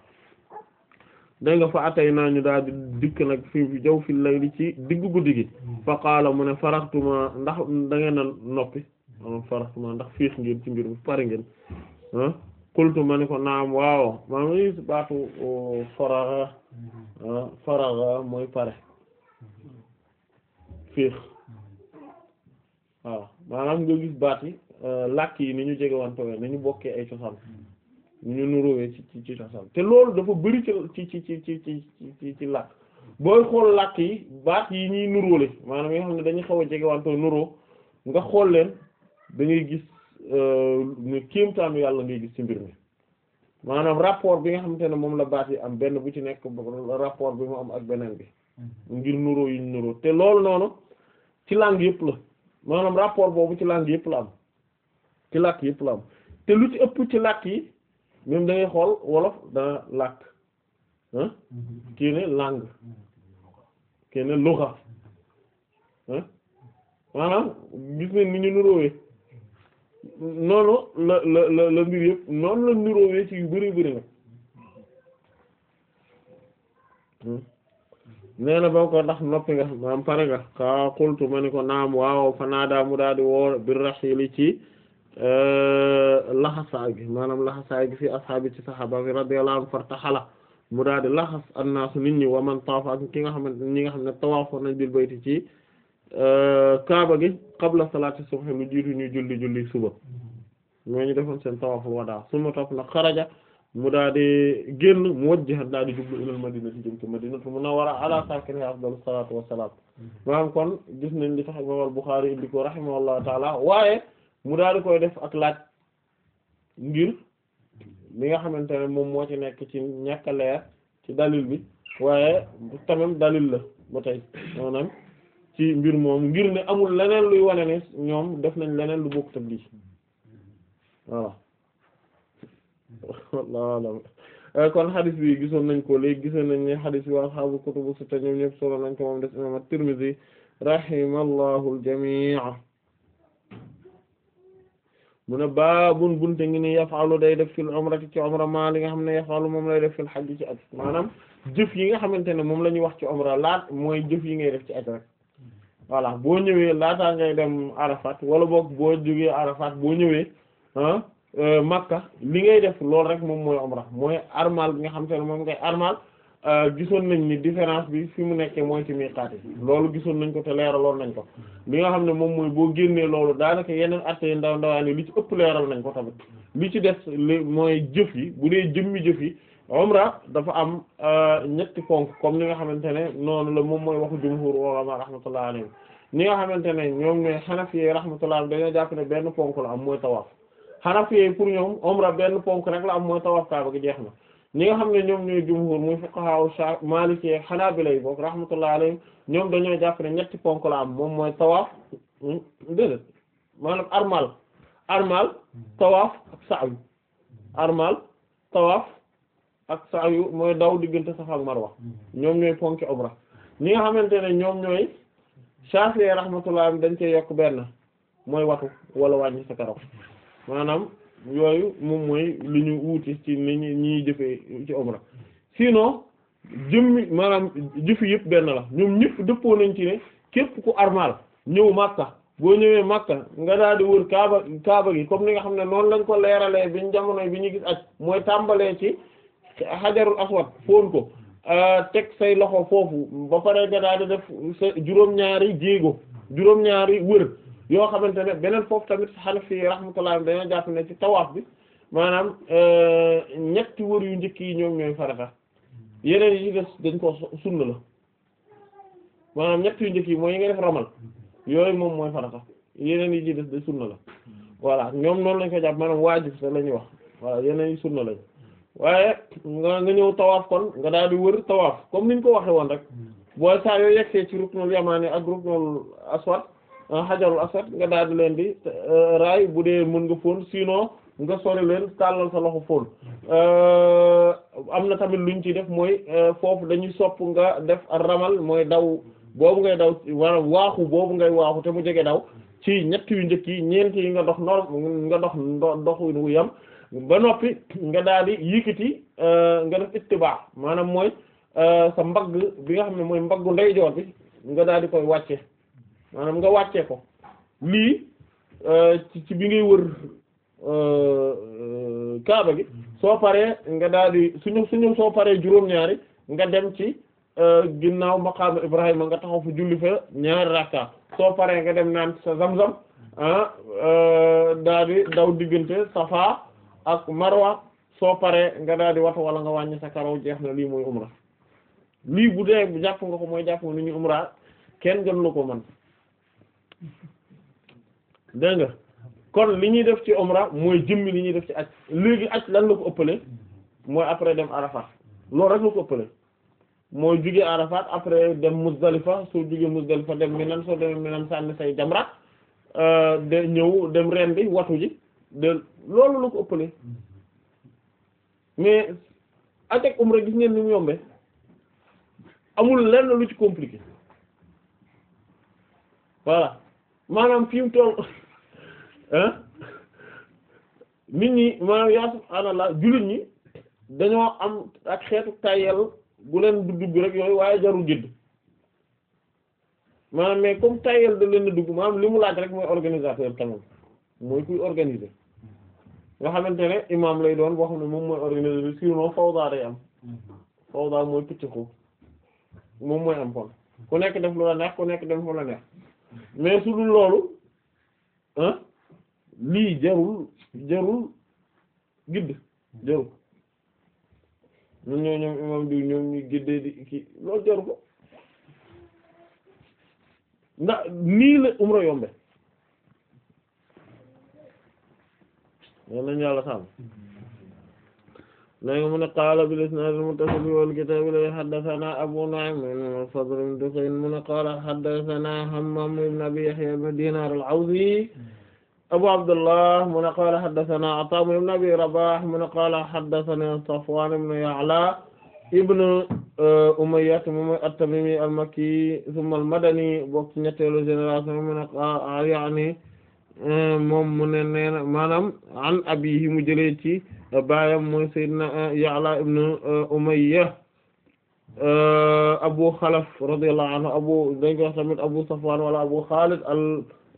dégg nga fa atay naa ñu daal di dikk nag fi jaw fi lay li ci diggu guddi gi hmm. fa qaala mu ne faraxtuma ndax da ngeen noppi faraxtuma ndax fiix ngeen ci mbir mu pare ngeen ah ma ne ko naam waaw maa hmm. mooy pare fiix hmm. waaw maanaam nga gis baat yi uh, làkk yi ni ñu jege wante ni ñu bokkee ay cosaan ñu nuróowee ci ci ci cosaan te loolu dafa bëri ci ci ci ci ci ci ci làkk booy xool làkk yi baat yi ñuy nuróole maanaam yoo xam ne dañuy xaw a jege wantoo nuroo nga xool leen da gis euh, ne kéemtaanu yàlla ngay gis ci mbir mi maanaam rapport bi nga xamante ne moom la baat yi am benn bu ci nekk rapport bi mu am ak beneen bi mm-hmm. ngir nuroo yi nuroo te lool noonu ci langue yëpp la maanaam rapport boobu ci langue yëpp la am ci làkk yëpp la am te lu ci ëpp ci làkk yi même da xool wolof dana làkk ah kii ne langue kii ne luxa ah maanaam gis ne ñu nuróowee noonu la la la la mbir noonu la nuróowee ci yu bari bari nag hmm. nee na ba ko ndax noppi nga maanaam pare nga kaa xultu ma ni ko naam waaw fanaadaa mu daal di woo bi raxili ci laxasaa gi maanaam laxasaa gi fi ashaabi ci saxaaba bi radiyallahu anhu fartaxala mu daal di laxas annaasu nit ñi wa man taafa ak ki nga xamante ñi nga xam ne tawaafoon na bil bayti ci kaaba gi qabla salaati subhi lu jiitu ñuy julli julli suba ñoo ñu defoon seen tawaaful wadaa suma topp na xaraja mu daal di génn mu wajjahan daal di jublu ilal madina ci jëm ci madinatu munawwara ala sakiniha afdalu salaatu wassalaam mm-hmm. maanaam kon gis nañ li tax imam al Bukhari indi ko mu daal di koy def ak laaj ngir li nga xamante ne moom moo ci nekk ci ñàkk a ci dalil bi waaye tamam dalil la ba tey maanaam ci mbir moom ngir ne amul leneen luy wane ne ñoom def nañ leneen lu bokk tam lii voilà wallahu a'lam euh, kon xadis bi gisoon nañ ko léegi gisoon nañ ne xadis bi waa ko moom des imam at-Tirmidhi rahimallahu al-jami' mu ne baabun bunte ngi ni yafalu day def fil umrati ci umra maa li nga xam ne yafalu moom lay def fil hajj ci aj maanaam jëf yi nga xamante ne moom la ñuy wax ci umra laat mooy jëf yi ngay def ci aj rek voilà boo ñëwee laataa ngay dem arafat wala boog boo jógee arafat boo ñëwee ah euh, makka li ngay def loolu rek moom mooy umra mooy armal bi nga xamante ne moom ngay armal Euh, gisoon nañ ni différence bi fi mu nekkee mooy ci miqaat yi loolu gisoon nañ ko te leeraloon nañ ko li nga xam ne moom mooy boo génnee loolu daanaka yeneen atte ndaw ndawaan li ci ëpp leeral nañ ko tamit li ci des li mooy jëf yi bu dee jëmmi jëf yi umra dafa am euh, ñetti ponk comme ni nga xamante ne noonu la moom mooy waxu jumhur ulama rahmatullah alayhi ñi nga xamante ne ñoom ñooy xanafi yi rahmatullah dañoo jàpp ne benn ponk la am mooy tawaaf xanafi yi pour ñoom umra benn ponk rek la am mooy tawaaf kaaba gi jeex na ñi nga xam ne ñoom ñooy jumhur muy fuqaha sha maliki hanabila yi bokk rahmatullah alayhim ñoom dañoo jàpp ne ñetti ponk la am moom mooy tawaaf hmm, déedéet maanaam armal armal tawaaf ak sa'yu armal tawaaf ak sa'yu mooy daw diggante Safa ak Marwa ñoom ñooy ponki umra ñi nga xamante ne ñoom ñooy Shafi'i rahmatullah dañ cee yokk benn mooy watu wala wàññi sa karaw maanaam yooyu moom mooy li ñu wuute ci ni ñi ñiy jëfee ci omra sinon jëmmi maanaam jëfi yëpp benn la ñoom ñëpp dëppoo nañ ci ne képp ku armal ñëw Makka boo ñëwee Makka nga daal di wër Kaaba Kaaba gi comme ni nga xam ne noonu lañ ko bi biñ jamono bi ñu gis ak mooy tàmbalee ci xajarul aswad foon ko euh, teg say loxo foofu ba pare nga daal def sa juróom-ñaari jéego juróom-ñaari wër. yoo xamante ne beneen foofu tamit Hanafi rahmatullah dañoo jàpp ne ci tawaaf bi maanaam euh, ñetti wër yu njëkk yi ñoom ñooy farata yeneen yi des dañ ko sunna la maanaam ñetti yu njëkk yi mooy yi nga def ramal yooyu moom mooy farata yeneen yi ci des da sunna la voilà ñoom noonu lañ ko jàpp maanaam waajib sax la ñuy wax voilà yeneen yi sunna lañ waaye nga nga ñëw tawaaf kon nga daal di wër tawaaf comme niñ ko waxe woon rek boo saa yooy yegsee ci ruknul yamani ak ruknul aswad xajarul ah, asad nga daal di leen di eh, raay bu dee mën nga fóon sinon nga sori leen tàllal sa loxo fóon eh, am na tamit luñ ci def mooy eh, foofu dañuy sopp nga def ramal mooy daw boobu ngay daw wala waaxu boobu ngay waaxu te mu jege daw ci ñett yu njëkk yi ñeent yi nga dox nor nga dox ndox wu yam ba noppi nga daal di yëkkati nga def ittibaa maanaam mooy sa mbagg bi nga xam ne mooy mbaggu ndeyjoor bi nga daal di koy wàcce maanaam nga wàccee ko lii euh, ci bi ngay wër euh, kaaba gi soo paree nga daal di suñu suñu soo paree juróom-ñaari nga dem ci euh, ginnaaw maqaama Ibrahima nga taxaw fu julli fa ñaari rakka soo paree nga dem naan sa zam-zam ah daal di daw diggante Safa ak Marwa soo paree nga daal di watu wala nga wàññi sa karaw jeex na lii mooy umra lii bu dee jàpp nga ko mooy jàpp nga ni ñuy umra kenn gën ko man dégg nga kon li ñuy def ci omra mooy jëmmi li ñuy def ci aj léegi aj lan la ko ëppale mooy après dem Arafat loolu rek la ko ëppale mooy jugee Arafat après dem Muzdalifa soo jugee Muzdalifa dem Minan soo demee Minan sànni say jamrat euh, de ñëw dem ren bi watu ji de loolu la ko ëppale mais aj ak umra gis ngeen ni mu yombee amul lenn lu ci compliqué voilà maanaam fi mu toll ah nit ñi maanaam yaa subhaanallah jullit ñi dañoo am ak xeetu tayel bu leen dugg rek yooyu waaye jarul jëdd maanaam mais comme tayel da leen dugg maanaam li mu laaj rek mooy organisateur tamit mooy kuy organiser nga xamante ne imaam lay doon boo xam ne moom mooy organiser sinon fawda day am fawda mooy picc ko moom mooy am kon ku nekk def lu la neex ku nekk dem fu la neex. mais dul loolu ah lii jarul jarul gidd jarul ñun ñoo ñoom imam diw ñoom ñu giddee di kii loolu jaru ko ndax nii la umra yombe yal nañu yàlla sàmm léegi mu ne qaala bil isnaad al muttasil bi wal kitaab la haddasanaa Abu Nu'aym al Fadl ibn Dukayn mu ne qaala haddasanaa Hammaam ibn Abi Yahya ibn Diinaar al Awzi Abu Abdullah mu ne qaala haddasanaa Ataa ibn Abi Rabaah mu ne qaala haddasanaa Safwaan ibn Ya'laa ibn uh, Umayya moom at-Tamiimi al-Makki thumma al-Madani bokk ñetteelu génération mu ne yaani Euh, moom mu ne nee na maanaam an abihi mu jëlee ci euh, baayam mooy sayyidina euh, Ya'la ibn Umayya Abu Khalaf radiyallahu anhu abu dañ ko wax tamit Abu Safwan wala Abu Khalid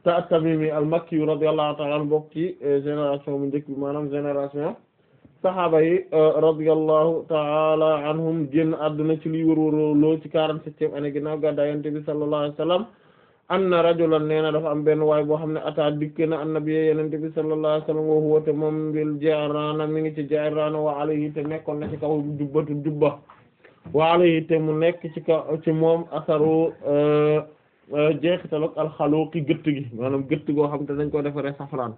at-Tamimi al-Makki radiyallahu ta'ala anhu bokk ci génération mu njëkk bi maanaam génération saxaaba yi ta'ala anhum génn àdduna ci liy wër loo ci quarante-septième année ginnaaw gàddaay Yonent bi sallallahu alayhi anna rajulan nee na dafa am benn waay boo xam ne ataa dikke na annabi yonent bi sallallahu alayhi wasallam wa huwa te moom bil Ji'rana mi ngi ci Ji'rana wa alayhi te na ci kaw jubbatu jubba waalo alayhi te mu nekk ci kaw ci moom asaru euh, euh, jeexitalog alxaluqi gëtt gi maanaam gëtt goo xam te dañ ko defaree safran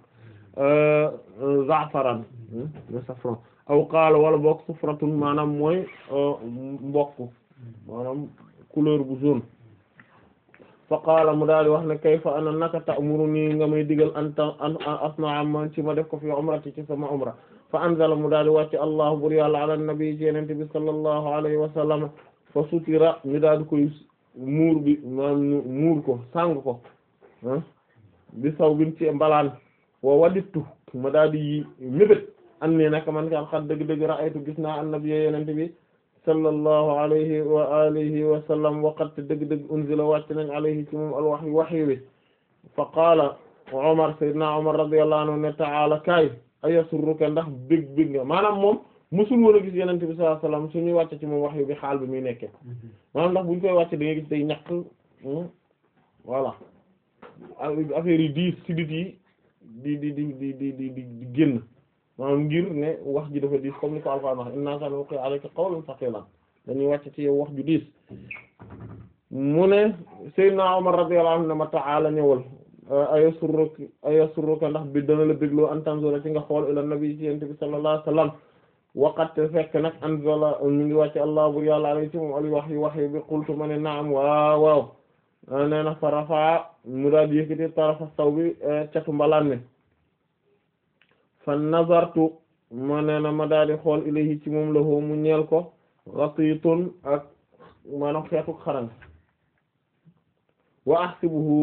euh, zafaran hmm, safran aw qaala wala boog sufratun maanaam mooy mbokk maanaam couleur bu jaune fa qaala mu daal di wax ne kayfa ana naka ta'muruni nga may digal an ta an man ci ma def ko fi umrati ci sama umra fa anzala mu daal di wàcc allahu bur yàlla ala nabi ci yenente bi sallallahu alayhi wa sallam fa sutira ñu daal di koy muur bi maanaam ko sàng ko bi saw bin ci mbalaan wa wadittu ma daal di mébét naka man ka xat dëgg-dëgg ra'aytu gis naa an bi sallallahu alayhi wa alihi wa sallam waqat dëgg-dëgg unzila wàcc nañ alayhi ci moom alwahyu wahyu wi fa qaala Omar sayyidina Omar radiyallahu anhu ne ta'ala kaay ayasurruka ndax bég bég nga maanaam moom musul woon a gis yenente bi sallallahu wa sallam suñuy wàcc ci moom wax yu bi xaal bi muy nekke maanaam ndax buñ koy wàcc da ngay gis day ñàkk hmm, voilà affaire yi diis sidit yi di di di di di génn maanaam ngir ne wax ji dafa diis comme ni ko Alxuraan wax inna sanulqi alayka qawlan saqilan dañuy wàcc ci yow wax ju diis mu ne Seydina Omar radiyallahu anhu ne ma ta'ala ñëwal ayasurruka ayasurruka ndax bi dana la bégloo an tanzura ci nga xool a nabi ci yent bi sallallahu alayhi wasallam waqat fekk nag anzala ñu ngi wàcc allah bur yàlla alayhi ci moom al wahyi wahyi bi qultu ma ne naam waaw waaw nee na fa mu mu daal yëkkati tarafa saw bi eh, catu mbalaan ne fa nazartu ma nee na ma daal di xool ilayhi ci moom lahu mu ñeel ko ghasitun ak maanaam xeetu xaran wa ahsibuhu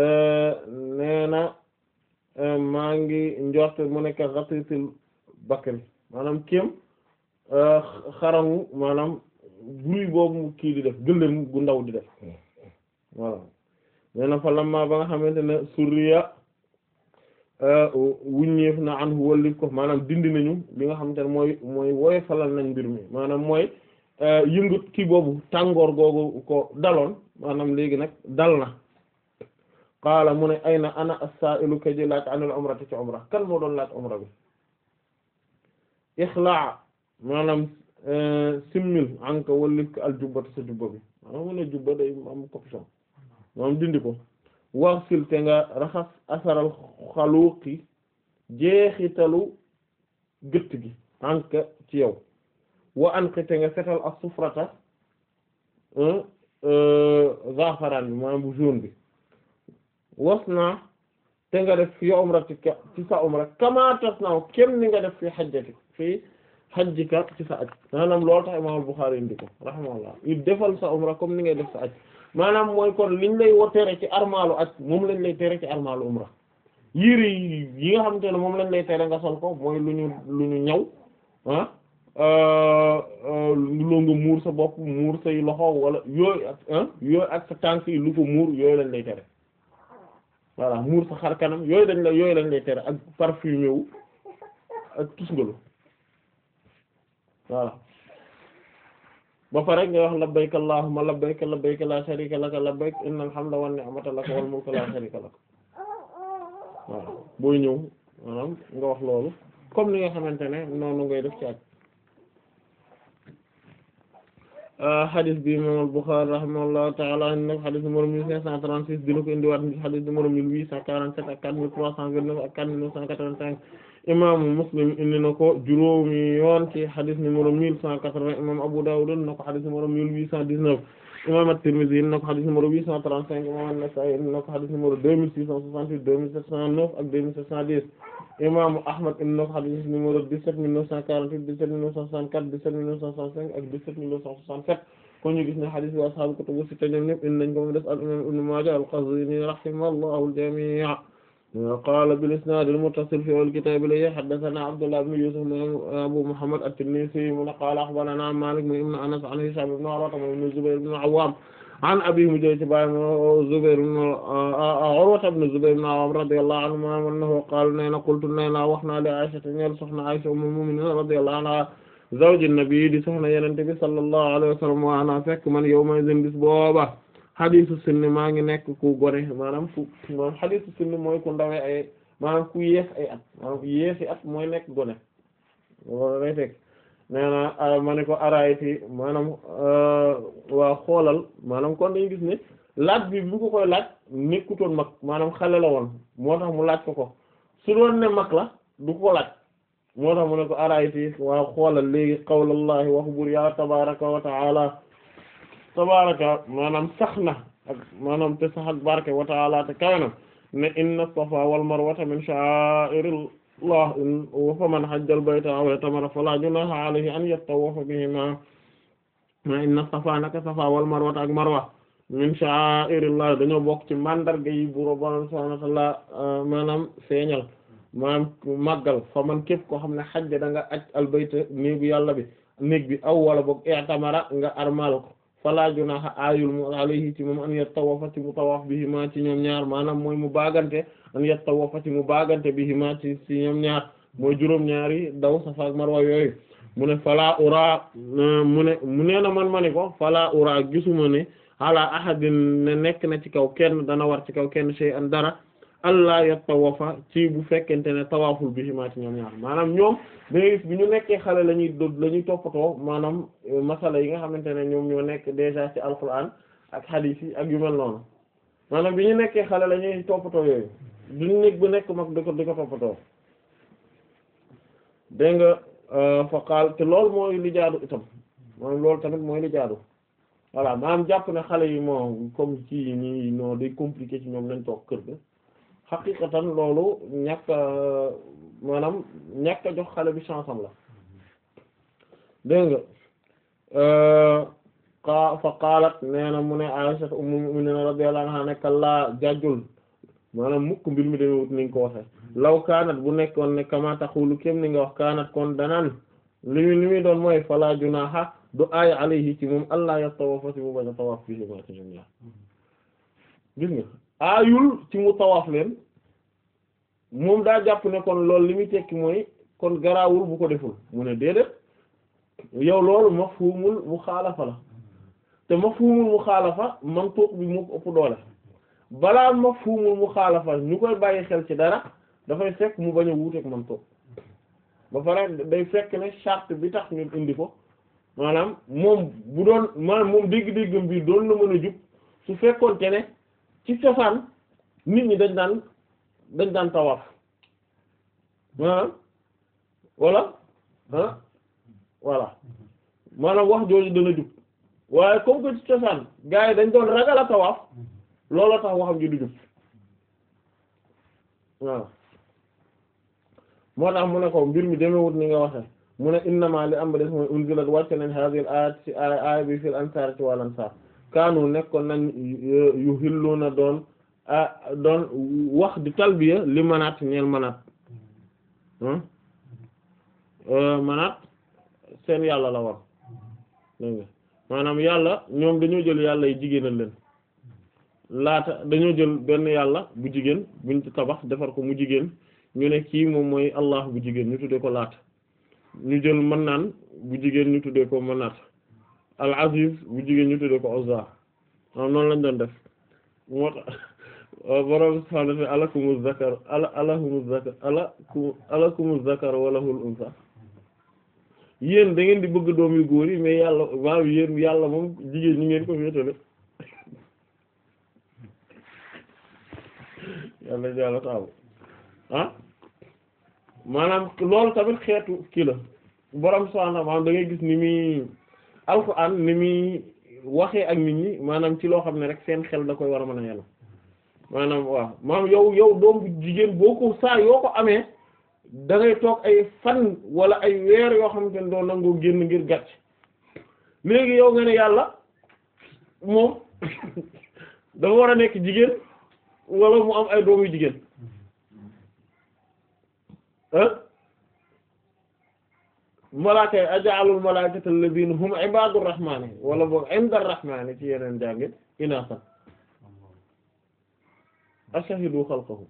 eh, nee na eh, maa ngi njort mu nekk ghasitul bakri maanaam kéem eh, xaramu maanaam buy boobu kii di def gëléem gu ndaw di def voilà hmm. fa lamma ba nga xamante ne suriya Euh, wuññeef na anhu wallif ko maanaam dindi nañu li nga xamante ne mooy mooy woyofalal nañ mbir mi maanaam mooy euh, yëngut kii boobu tàngoor googu ko daloon maanaam léegi nag dal na qaala mu ne ayna ana as-sa'ilu kaji laaj anil umrati ci umra kan moo doon laaj umra bi ixlaa maanaam euh, simmil anka wallif ko al jubbata sa jubba bi maanaam mu ne day am copition maanaam dindi ko waxsil te nga raxas asaral xaluuqi jeexitalu gëtt gi ank ci yow wa anq te nga setal ak sufrata euh, zafaran bi maanaam bu jaune bi was naa te nga def fi umrati ci sa umra kama tasnaaw kem ni nga def fi xajjati fii xajjika ci sa aj maanaam loolu tax imam Bukhari indi ko rahimahullah il defal sa umra comme ni ngay def sa aj maanaam mooy kon liñ lay wo tere ci armaalu ak moom lañ lay tere ci armaalu umra yére yi nga xamante ne moom lañ lay tere nga sol ko mooy lu ñu lu ñu ñaw ah euh, euh, loo nga muur sa bopp muur say loxo wala yooyu ak ah, yooyu sa tànk yi lu ko muur yooyu lañ lay tere voilà muur sa xar kanam yooyu dañ la yooyu lañ lay tere ak parfumé wu ak tusngalu voilà ba pare nga wax labbayk allahumma labbayk labbayk la sharika laka labbayk innal hamda wan ni'mata laka wal mulku la sharika lak waaw booy ñëw maanaam nga wax loolu comme ni nga xamante ne noonu ngay def ci ak hadith ah, bi imam al-Bukhari rahimahullahu ta'ala indi na ko hadith numéro mille cinq cent trente-six dina ko indiwaat hadith numéro mille huit cent quarante-sept ak quatre mille trois cent vingt-neuf ak quatre mille neuf cent quatre-vingt-cinq imaamu muslim indi na ko juróomi yoon ci xadis numéro mille cent quatre-vingts imam Abu Dawud indi na ko xadis numéro mille huit cent dix-neuf imam At-Tirmidhi indi ko xadis numéro huit cent trente-cinq imam ko xadis numéro deux mille six cent neuf ak deux mille sept cent dix imam Ahmad indi ko xadis numéro dix-sept mille neuf cent quarante-huit dix-sept neuf cent cinq ak dix-sept mille neuf cent soixante-sept kon ñu gis ne xadis bi ashaabu kutubu sitta ñoom ñépp indi nañ ko mu qaala bil isnaad al muttasil fi al kitaab ilayhi haddasanaa Abdullah ibn Yuusuf Abu Muhammad at-Tinnisi mu ne qaala axbaranaa Maalik ibn Anas an Hishaam ibn Urwa ibn Zubayr ibn Awwaam an abiihi mu jëlee ci baayam Zubayr ibn Urwa ibn Zubayr ibn Awwaam radiyallahu anhumaa annahu qaala nee na qultu nee na wax naa li Aysa ñeel soxna Aysa ummul mu'miniin radiyallahu anhaa zawju nabi di soxna Yonent bi sallallahu alayhi wa sallam wa ana fekk man yawma idin bis booba xadiisu sinni maa ngi nekk ku gone maanaam fu maanaam xadiisu sinni mooy ku ndawee ay maanaam ku yees ay at at mooy nekk gone loolu lay fekk nee ah, ko arayti maanaam ah, waa xoolal maanaam kon dañu gis ne laaj bi bu koy laaj nekkutoon mag maanaam xale la woon moo tax mu laaj ko ko su ne mag la du ko laaj moo tax mu ko arayti waa xoolal léegi qawlallahi waxu buur tabaaraka wa tabaraka maanaam sax na ak maanaam te sax ak barke wa ta'ala te kawenam ne inna safa wal marwata min sha'a'irillahi wa faman hajja al bayta aw i'tamara fala junaha alayhi an yatawafa bihima ma inna safa naka safa wal marwata ak marwa min sha'a'irillahi dañoo bokk ci mandarga yi bu Rabbana subhanahu wa ta'ala maanaam feeñal maanaam màggal faman képp koo xam ne xaj da nga aj al bayta néegu yàlla bi néeg bi aw wala boog i'tamara nga armal ko fala a ayul mu alayhi ci moom an yattawafa ci mu tawaaf bihima ci ñoom ñaar maanaam mooy mu baagante an yattawafa ci mu baagante bihima ma ci ñoom ñaar mooy juróom ñaari daw safa ak marwa yooyu mu ne fala ura mu ne mu nee na man ma ni ko fala ura gisuma ni ala ahadin ne nekk na ci kaw kenn dana war ci kaw kenn shay an dara allah yatawafa ci bu fekkente ne tawaaful bi himaati ñoom ñaar maanaam ñoom dangay bi ñu nekkee xale la ñuy la ñuy toppatoo maanaam euh, masala yi nga xamante ne ñoom ñoo nekk déjà ci alquran ak hadith yi ak yu mel noonu maanaam bi ñu nekkee xale lañuy toppatoo yooyu duñ nekk bu nekk mag di ko di ko toppatoo dégg nga euh, faqaal te loolu mooy li jaadu itam maanaam loolu tamit mooy li jaadu voilà maanaam jàpp ne xale yi moom comme ci ñi non day compliqué ci ñoom lañ toog kër ga xaqiqatan loolu ñàkk maanaam ñàkk a jox xale bi chance am la dégg nga euh, fa qaalat nee na mu ne Aisha ummul mu'minin radiyallahu anha nekka laa jàjjul maanaam mukk mbir mi deme wut ni nga ko waxe law kaanat bu nekkoon ne kama taqulu kem ni nga wax kaanat kon danaan li li muy doon mooy fala junaha du aaya alayhi ci moom allah ya tawafa si mu bañ a tawaf fii ma ci gis nga aayul ci mu tawaaf leen moom daa jàpp ne kon loolu li muy tekki mooy kon garaawul bu ko deful mu ne déedéet yow loolu mu muxaalafa la te mafhumul muxaalafa mantuq bi mu ëpp doole balaa mu xaalafa ñu koy bàyyi xel ci dara dafay fekk mu bañ a wuuteeg mantuq ba pare day fekk ne charte bi tax ñu indi ko maanaam moom bu doon maanaam moom dégg-déggam bi doon na mën a jub su fekkoonte ne ci cosaan nit ñi dañ daan dañ daan tawaaf maanaam walla ah voilà wax jooju dana jub waaye comme que ci cosaan gars yi dañ doon ragal a tawaaf looloo tax waxam ji du jub waaw moo tax mu ne ko mbir mi demewut ni nga waxe mu ne innama li am ba des mooy unzilat wàcce nañ hadhihi al ayat ci aaya bi fil ansar ci wal ansar kaanu nekkoon nañ yu xilluuna doon doon wax di talbiya li manaat ñeel manaat hmm? euh, manaat seen yàlla la war maanaam yàlla ñoom dañoo jël yàlla yi jigéenal leen laata dañoo jël benn yàlla bu jigéen buñ ci tabax defar ko mu jigéen ñu ne kii moom mooy allah bu jigéen ñu tuddee ko laat ñu jël man naan bu jigéen ñu tuddee ko manaat al aziz bu jigéen ñu tudde ko Uzza am noonu lañ doon def moo tax euh, borom subhaanahu wa ta'aala alakumu zakar ala alakumu zakar alakum alakumu zakar wa lahul unsa yéen da ngeen di bëgg doom yu góor yi mais yàlla waaw yéen yàlla moom jigéen ñi ngeen ko féetale yàlla yàlla taamu ah maanaam loolu tamit xeetu kii la borom subhaanahu wa ta'aala da ngay gis ni muy alquran ni muy waxee ak nit ñi maanaam ci loo xam ne rek seen xel da koy war a mën a yàlla maanaam waaw maanaam yow yow doom bu jigéen boo ko saa yoo ko amee da toog ay fan wala ay weer yoo xam te doo nangoo génn ngir gàcc léegi yow nga ne yàlla moom <laughs> dafa war a nekk jigéen wala mu am ay doom yu jigéen malaaka yi aja'alul malaa'ikata alladhina hum ibadur rahmani wala boog indar rahmani ci yeneen jànge inaasa ashahidu khalqahum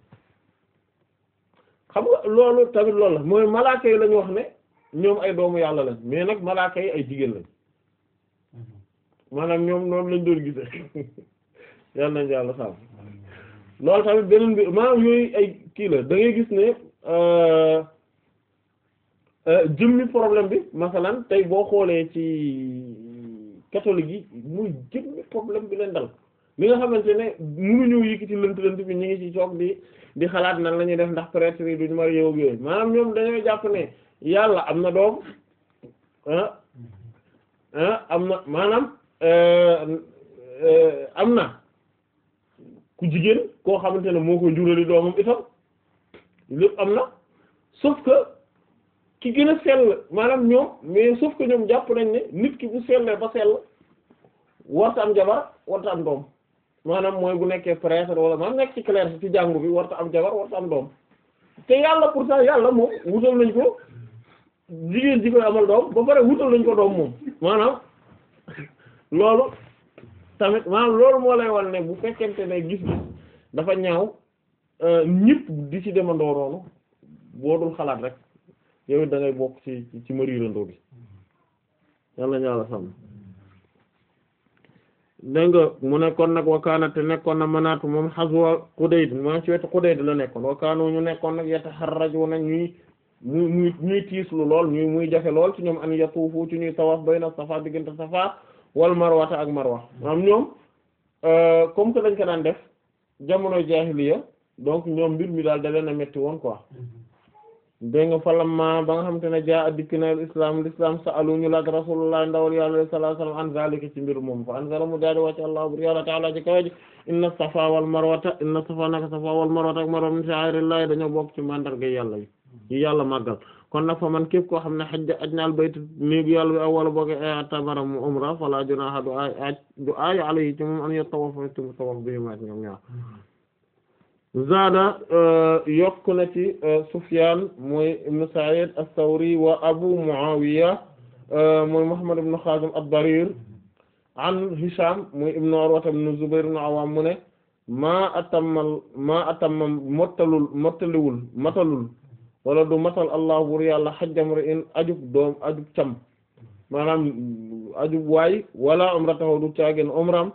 xam nga loolu tamit loolu la mooy malaaka yi lañu wax ne ñoom ay doomu yàlla la mais nag malaaka yi ay jigéen lañ maanaam ñoom noonu lañ doon gise <laughs> yàlla nañ yàlla sàmm tamit beneen maanaam yooyu ay kii la da gis ne euh, Euh, jëmmi problème bi masalan tey boo xoolee ci catholique yi muy jëmmi problème bi leen dal li nga xamante ne mënuñu yëkkati lënt lënt bi ñu ngi ci soog di di xalaat nag la ñuy def ndax prêtre yi duñu mari yow yooyu maanaam ñoom dañoo jàpp ne yàlla am na doom ah, ah, am na maanaam euh, euh, am na ku jigéen koo xamante ne moo koy jurali doomam itam lépp am na sauf que ki gën a sell maanaam ñoom mais sauf que ñoom jàpp nañ ne nit ki bu sellee ba sell warta am jabar warta am doom maanaam mooy bu nekkee prêtre wala maanaam nekk ci clergé ci jàngu bi warta am jabar warta am doom te yàlla pourtant yàlla moom wutal nañ ko jigéen ji koy amal doom ba pare wutal nañ ko doom moom maanaam loolu tamit maanaam loolu moo lay wan ne bu fekkente ne gis-gis dafa ñaaw euh, ñëpp di ci demandoo noonu boo dul xalaat rek yow da ngay bokk ci ci mariirandoo bi yàlla ñaala nga mu nekkoon nag wakaana te nekkoon na manaatu moom xasuwa Xudayd moom ci wetu Xudayd la nekkoon wakaano ñu nekkoon nag yataharraju na ñuy muy muy tiislu lool ñuy muy jafe lool ci ñoom an yatuufu ci ñuy tawaaf bayna safa diggante safa wal marwata ak marwa maanaam ñoom euh, comme que dañ ko daan def jamono jaahiliya donc ñoom mbir mi daal da leen metti woon quoi mm-hmm. dégg nga falamma ba nga xam te ne jaa a dikk na islam l'islam sa alu ñu laaj rasulullah ndawal yàlla sallallahu alayhi wasallam an zalika ci mbir moom fa anzala mu daal di wàcc allah bur yàlla taala ji kawaji inna safa wal marwata inna safa naka safa wal marwata ak marwa min sha'airillahi dañoo bokk ci mandarga yàlla yi yi yàlla màggal kon nag fa man képp koo xam ne xajja aj naal baytu néegi yàlla bi aw wala booge tamara mu umra fala junaha du ay aj du ay alayhi ci moom an yo tawafa ci mu tawaf bi ñoom ñaar zaada euh, yokku ci euh, Sufyaan mooy ibn Sa'id as-Sawri wa Abu Muawiya euh, mooy Muhammad ibn Xazim ad-Darir an Hisham mooy ibn Urwa ibn Zubayr ibn Awwam mu ne maa atammal maa atammam mottalul mottaliwul matalul wala du matal Allah bur yàlla hajjam ri'in ajub doom ajub cam maanaam ajub waay wala umratahu du caagin umram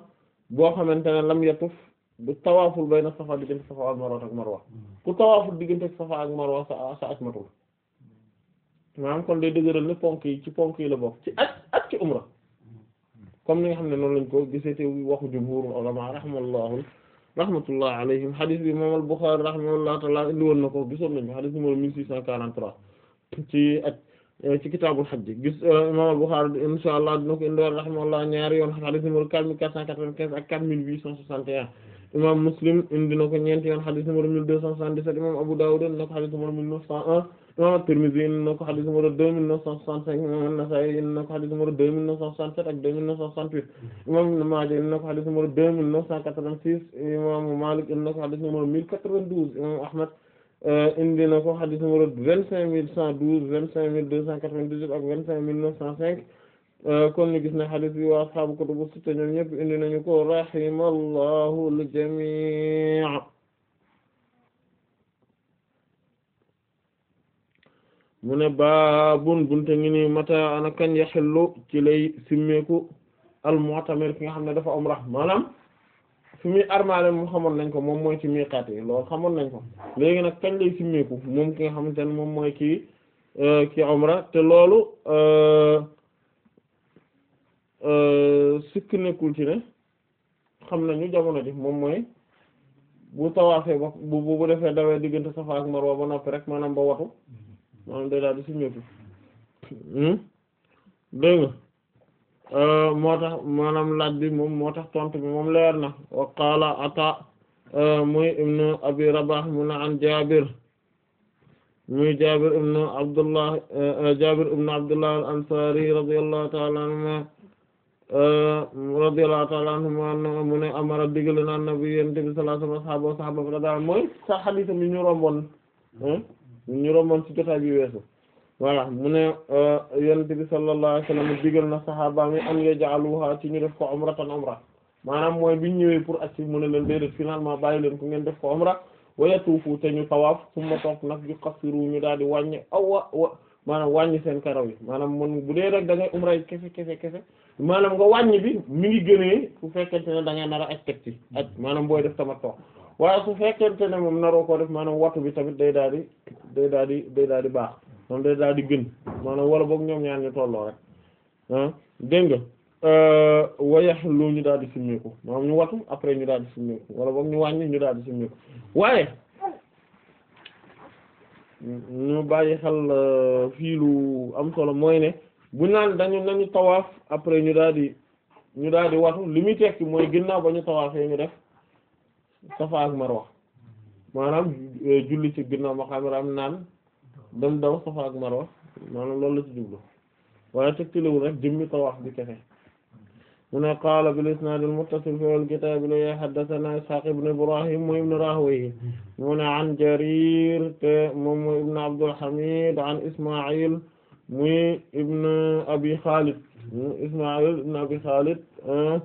boo xamante ne lam yatuf du tawaaful bay na safa diggante safa ak marwa ak marwa ku hmm. tawaaful diggante safa ak marwa sa sa aj matul maanaam kon day dëgëral ne ponk yi ci ponk yi la bokk ci aj ak ci umra comme ni nga xam ne noonu lañ ko gisee te waxu jumhuur ulama rahmallahu rahmatullah alayhim hadith bi imam al-Bukhari rahimahullahu ta'ala indi woon na ko gisoon nañu hadith numéro 1643 ci ak ci kitaabul hajj gis euh, imam al-Bukhari inshallah dina ko indi woon ñaari yoon hadith numéro 4495 ak 4861 imam Muslim indi na ko ñeenti yoon xadis numéro 1277 imam Abu Dawud indi na ko xadis numéro 1901 imam At-Tirmidhi indi na ko xadis numéro 2965 imam An-Nasa'i indi na ko xadis numéro 2967 ak 2968 imam Ibn Maaja indi na ko xadis numéro 2986 imam Malik indi na ko xadis numéro 1092 imam Ahmad euh, indi na ko xadis numéro 25112 25298 ak 25905 kon ñu gis na hadith bi ko ashaabu kutubu sitta ñoom ñëpp indi nañu ko rahimallahu al-jamii' mu ne baabun bunte ngi ni mata ana kañ yaxillu ci lay simmeeku al ki nga xam ne dafa umra maanaam fi muy armaale mu xamoon nañ ko moom mooy ci miiqaat yi loolu xamoon nañ ko léegi nag kañ lay simmeeku moom ki nga xamante ne moom mooy ki euh, ki umra te loolu euh, Euh, sikk nekkul xam nañu jamono ji moom mooy bu tawaafee ba bu bu defee dawee diggante Safa Marwa ba noppi rek maanaam ba watu maanaam day daal di siñeetu dégg euh, moo tax maanaam laaj bi moom moo tax tontu bi moom leer na wa qaala ata euh, muy ibnu abi rabah mu na an jabir muy jabir ibnu abdullah jabir ibnu abdullah al ansari radiyallahu ta'ala anhu radiyallahu ta'ala anhuma mu ne amara digal na nabi yonent bi sallallahu alayhi wasallam saxaaba radiyallahu anhum mooy sa xadiis ñu romboon ñu romboon ci jotaay bi weesu voilà mu ne yonent bi sallallahu alayhi wasallam digal na saxaaba mi an yaj'aluha ci ñu def ko umratan umra maanaam mooy biñ ñëwee pour acci mu ne leen déedéet finalement bàyyi leen ko ngeen def ko umra wa yatuufu te ñu tawaaf summa toog nag yu xasiru ñu daal di wàññi awa wa maanaam wàññi seen karaw yi maanaam man bu dee rek da ngay umra kese kese maanaam nga wàññi bi mu ngi gënee su fekkente ne da nga nar a aj teg ci aj maanaam booy def tamattu waaye su fekkente na moom naroo koo def maanaam wattu bi tamit day daal di day daal di day daal di baax moom day daal di gën maanaam wala boog ñoom ñaar ñu tolloo rek ah dégg nga euh, wayax lu ñu daal di simmeeku maanaam ñu wattu après ñu daal di simmeeku wala boog ñu wàññi ñu daal di simmeeku waaye ñu bàyyi xel euh, fii am solo mooy ne bu naan dañu nañu tawaaf après ñu daal di ñu daal di watu li muy tekki mooy ginnaaw ba ñu tawaafee ñu def safa ak marwa maanaam euh, julli ci ginnaaw ma xam am naan dem daw safa ak marwa maanaam loolu la ci jublu waaye tegtaliwul rek jëmmi tawaaf bi kese mu ne qaala bil isnaad al muttasil fi al kitaab li haddathana ibn Ibraahiim mu ibn Raahawayh mu ne an Jariir te moom mu ibn Abdul Hamiid an Ismaa'iil muy ibn abi Khalid Ismaïl ibn abi Khalid euh,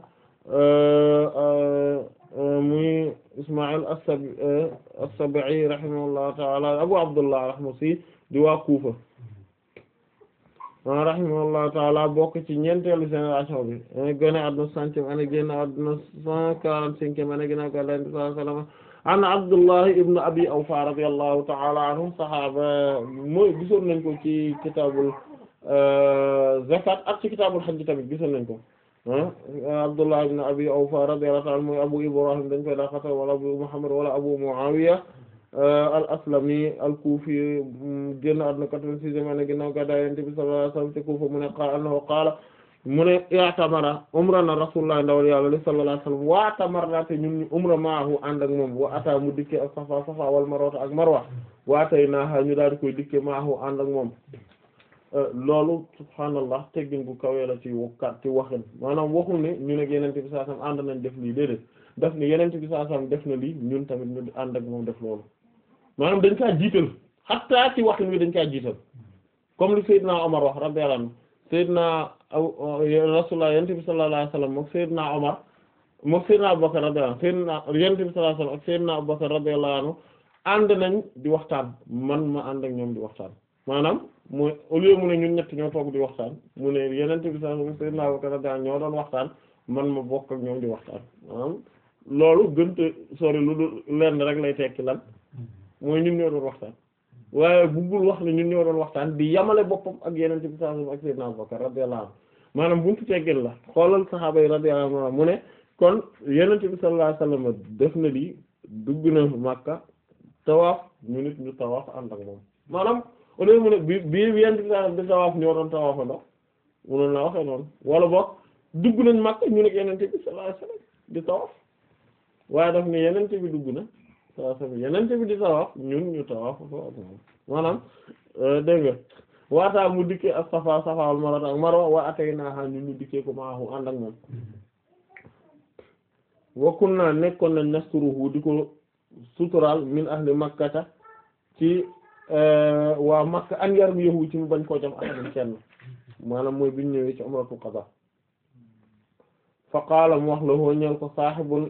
euh, euh, muy Ismaïl as-Sabi'i rahimahullahu ta'ala Abu Abdullah al-Ahmasi di waa Kufa rahimahullahu ta'ala bokk ci ñeenteelu génération bi génn àdduna centième année génn àdduna cent quarante-cinquième année ginnaaw ga Yonent bi sallallahu alayhi wa sallam an Abdullah ibn Abi Awfa radiyallahu ta'ala anhu saxaaba mooy gisoon nañ ko ci kitaabul euh, zakat ak ci kitaabul hajj tamit gisoon nañ ko Abdullah ibn Abi Awfa radiyallahu ta'ala mooy Abu Ibrahim dañ koy laqata wala Abu Muhammad wala Abu Muawiya euh, al-Aslami al-Kufi génn àdduna 86 ane ginnaaw gàddaay Yonent bi sallallahu alayhi wa sallam ci Kufa mu ne qaala mu ne i'tamara umra na rasulullah ndawal yàlla li sallallahu alayhi wasallam wa tamarna te ñun ñu umra maahu ànd ak moom wa mu dikkee ak safa safa wal marwa ak marwa ñu daal di koy dikkee maahu ànd ak moom euh, loolu subhaanallah teggin gu kawee la ci wokkaat ci waxin maanaam waxul ne ñu neg yenente bi sallallahu alayhi wasallam ànd nañ def lii déedéet def ne yenente bi sallallahu alayhi wasallam def na lii ñun tamit ñu ànd ak moom def loolu maanaam dañ kaa jiital xattaa ci waxin wi dañ kaa jiital comme li Seydina Omar wax radiyallahu anhu Seydina rasulullah yonent bi sallallahu alayhi wa sallam mook Seydina Omar mook Seydina Abubakar radiyallahu anhu Seydina yonent bi sallallahu alayhi wa sallam ak Seydina Abubakar radiyallahu anhu ànd nañ di waxtaan man ma ànd ak ñoom di waxtaan maanaam mooy au lieu mu ne ñun ñett ñoo toog di waxtaan mu ne yonent bi sallallahu alayhi wa sallam Seydina Abubakar ñoo doon waxtaan man ma bokk ak ñoom di waxtaan maanaam loolu gënte sori lu dul lenn rek lay tekki lan mooy ñun ñoo doon waxtaan waaye buggul wax ne ñun ñoo doon waxtaan di yamale boppam ak yeneen ci sallallahu ak sayyidina Abubakar radiyallahu anhu maanaam buntu teggeel la xoolal saxaaba yi radiyallahu anhu mu ne kon yeneen ci sallallahu alayhi wasallam def na lii dugg na Makka tawaaf ñu nit ñu tawaaf ànd ak moom maanaam au lieu mu ne bi bi yeneen ci sallallahu di tawaaf wala boog dugg nañ Makka ñu nekk di tawaaf waaye daf ne yeneen bi dugg na sallallahu yeneen bi di tawaaf ñun ñu tawaaf ko maanaam euh, dégg nga waataa mu dikkee ak safa safa wal marwa ak marwa wa ataynaaha ñun ñu dikkee ko ma ànd ak moom wa kunna nekkoon nañ nasturuhu di ko sutural min ahli makkata ci euh, waa makka an yaram yahu ci mu bañ koo jam ahadin kenn maanaam mooy biñ ñëwee ci umratul qada fa qaala wax la hoo ñeel ko saaxibul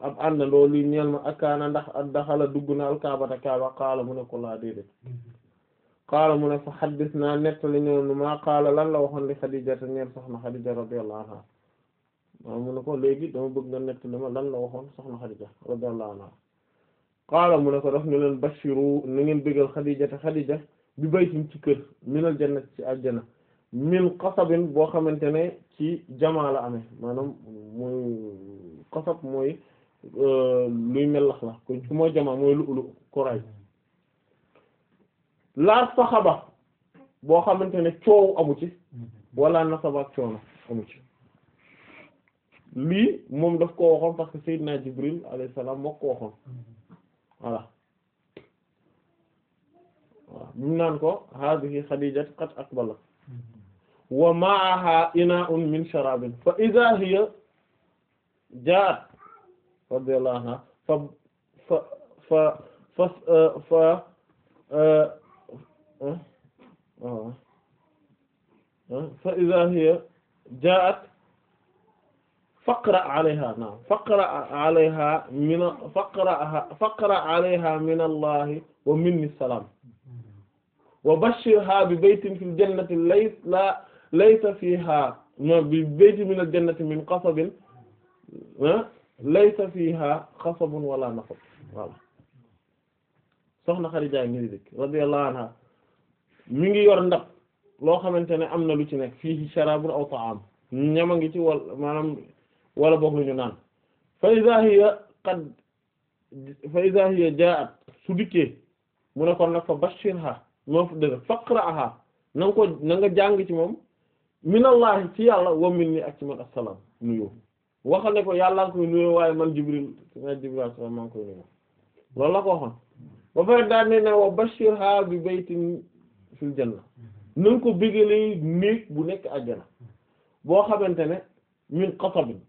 ab àndandoo lii ñeel ma akkaana ndax ak daxala dugg na alkaabata kaaba qaala mu ne ko laa déedéet qaala mu ne fa xaddis naa nettali ñoonu maa qaala lan la waxoon li xadijata ñeel soxna xadija radiyallahu anha waaw mu ne ko léegi dama bëgg nga nettali ma lan la waxoon soxna xadija radiyallahu anha qaala mu ne ko daf ne leen bashiru ni ngeen bëggal xadijata xadija bi baytin ci kër minal jannat ci àjjana min qasabin boo xamante ne ci jamaa la amee maanaam muy qasab mooy Euh, luy melax la ku mooy jamaa mooy lu lu corail laar saxaba boo xamante ne coow amu ci wala nasaba ak coono lii moom daf ko waxoon parce que Seydina Jibril alayhi salaam moo ko waxoon voilà waaw naan ko haadihi Xadiija qad aqbalat wa ma'aha inaa'un min sharaabin fa idhaa hiya jaa'at radiyallahu anha fa fa fa fa fa eh, oh, eh, fa iza hiya ja'at faqra alayha naam faqra alayha min faqra faqra alayha min allahi wa minni salaam wa bashirha bi baytin fil jannati laysa laysa fiha bi baytin min al jannati min qasabin eh, laysa fiha xasabun wala nasab voilà soxna Xadija Miridik radiyallahu anha mi ngi yor ndab loo xamante ne am na lu ci nekk fii sharabun aw ta'am ñama ngi ci wal maanaam wala boog lu ñu naan fa ja'at su dikkee mu ne kon fa bashirha fa dëgg faqra'aha na jàng ci moom minallahi ci yàlla wa minni ak ci man assalaam waxal ne ko yàlla koy nuyu waaye man Jibril na Jibril sax maa ngi koy nuyu loolu la ko waxoon ba pare daal ne ne wa bashirha bi baytin fil janna na nga ko bégalee néeg bu nekk àjjana boo xamante ne min qatabin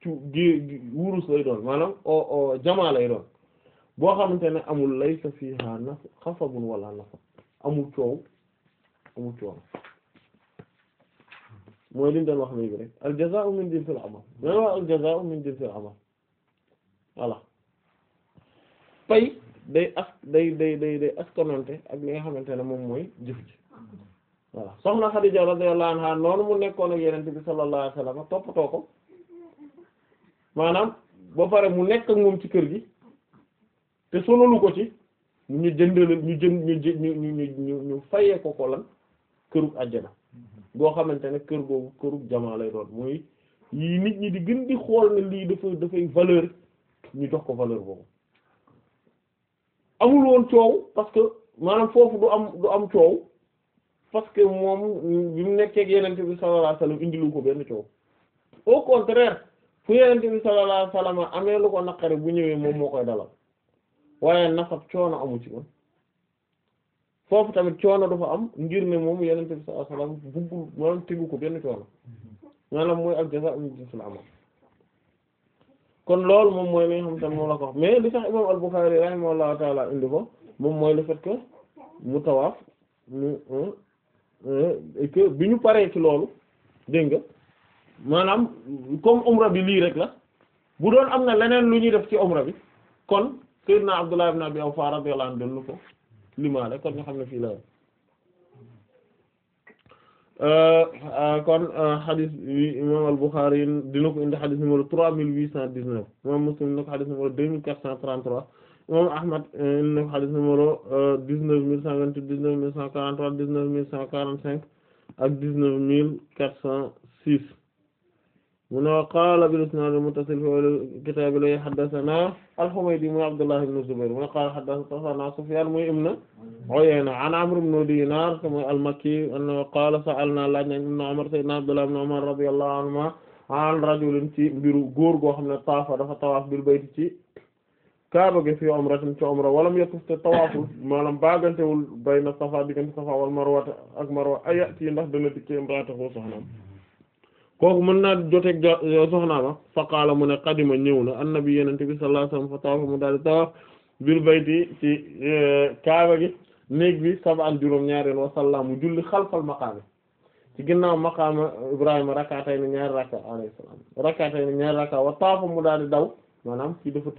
ci gi wurus lay doon maanaam o jamaa lay doon boo xamante ne amul laysa fiha naf xasabun wala nasab amul coow amul coow mooy li ñu doon wax léegi rek al jazaa'u min jinsil amal loolu wax al jazaa'u min jinsil amal voilà pay day as day day day day askanonte ak li nga xamante ne moom mooy jëf ji voilà soxna Xadija radiyallahu anha noonu mu nekkoon ak yenente bi sallallahu alayhi wasallam toppatoo ko maanaam ba pare mu nekk ak moom ci kër gi te sonalu ko ci ñu jëndal ñu jënd ñu ñu ñu ñu ñu fayee ko ko lan këru àjjana goo xamante ne kër googu këru jamaa lay doon mooy yii nit ñi di gën di xool ne lii dafa dafay valeur ñu jox ko valeur boobu amul woon coow parce que maanaam foofu du am du am coow parce que moom bi mu nekkee yenente bi sallallahu alayhi wasallam indilu ko benn coow au contraire fu yenente bi sallallahu alayhi wasallam amee lu ko naqare bu ñëwee moom moo koy dalal waaye nafat coono amu ci woon foofu tamit coono dafa am ngir ne moom yeneen bi sallallahu alayhi wasallam buggul maanaam ko benn coono maanaam mooy ak jaza am gisul kon loolu moom mooy li nga xamante moom la ko wax mais li sax imam al-Bukhari rahimahullahu taala indi ko moom mooy le fait que mu tawaaf bi ñu paree ci loolu dégg nga maanaam comme umra bi lii rek la bu doon am na leneen lu ñuy def ci umra bi kon sayyidna Abdullah ibn Abi Awfa radiyallahu anhu ko limaale kon nga xam ne fii la euh, kon xadis euh, bi imam al-Bukhari dina ko indi xadis numéro trois mille huit cent dix-neuf imam Muslim dina ko xadis numéro deux mille quatre cent trente-trois imam Ahmad euh, dina ko xadis numéro dix-neuf mille cent vingt-huit dix-neuf mille cent quarante-trois dix-neuf mille cent quarante-cinq ak dix-neuf mille quatre cent six mun a qaala bil isnaad al muttasil fi kitaab li haddasanaa al-Humaydi muy Abdullah ibn Zubayr mun a qaala haddasanaa Sufyaan muy ibn Uyayna an Amr ibn Diinaar muy al-Makki annahu qaala sa'alnaa laaj nañ ibn Umar sayyidinaa Abdullah ibn Umar radiyallahu anhumaa an rajulin ci mbiru góor goo xam ne taafa dafa tawaaf bil bayt ci kaaba gi fi umratin ci umra walam yatuf te tawaaful maanaam baagantewul bayna Safaa diggante Safaa wal Marwa ak Marwa ayati ndax dana dikkee imraatahu soxnaam kooku mën naa joteeg euh, soxnaama fa qaala mu ne qadima ñëw na annabi yenente bi sallallahu alayhi wasallam fa tawafa mu daal di tawaf bil bayti ci euh, kaaba gi néeg bi sab'an juróom ñaareen wa mu julli xalfal maqaami ci ginnaaw maqaama ibrahima rakatay ne ñaari raka alayhi salaam rakatay ne wa taafa mu daal di daw maanaam ci dafa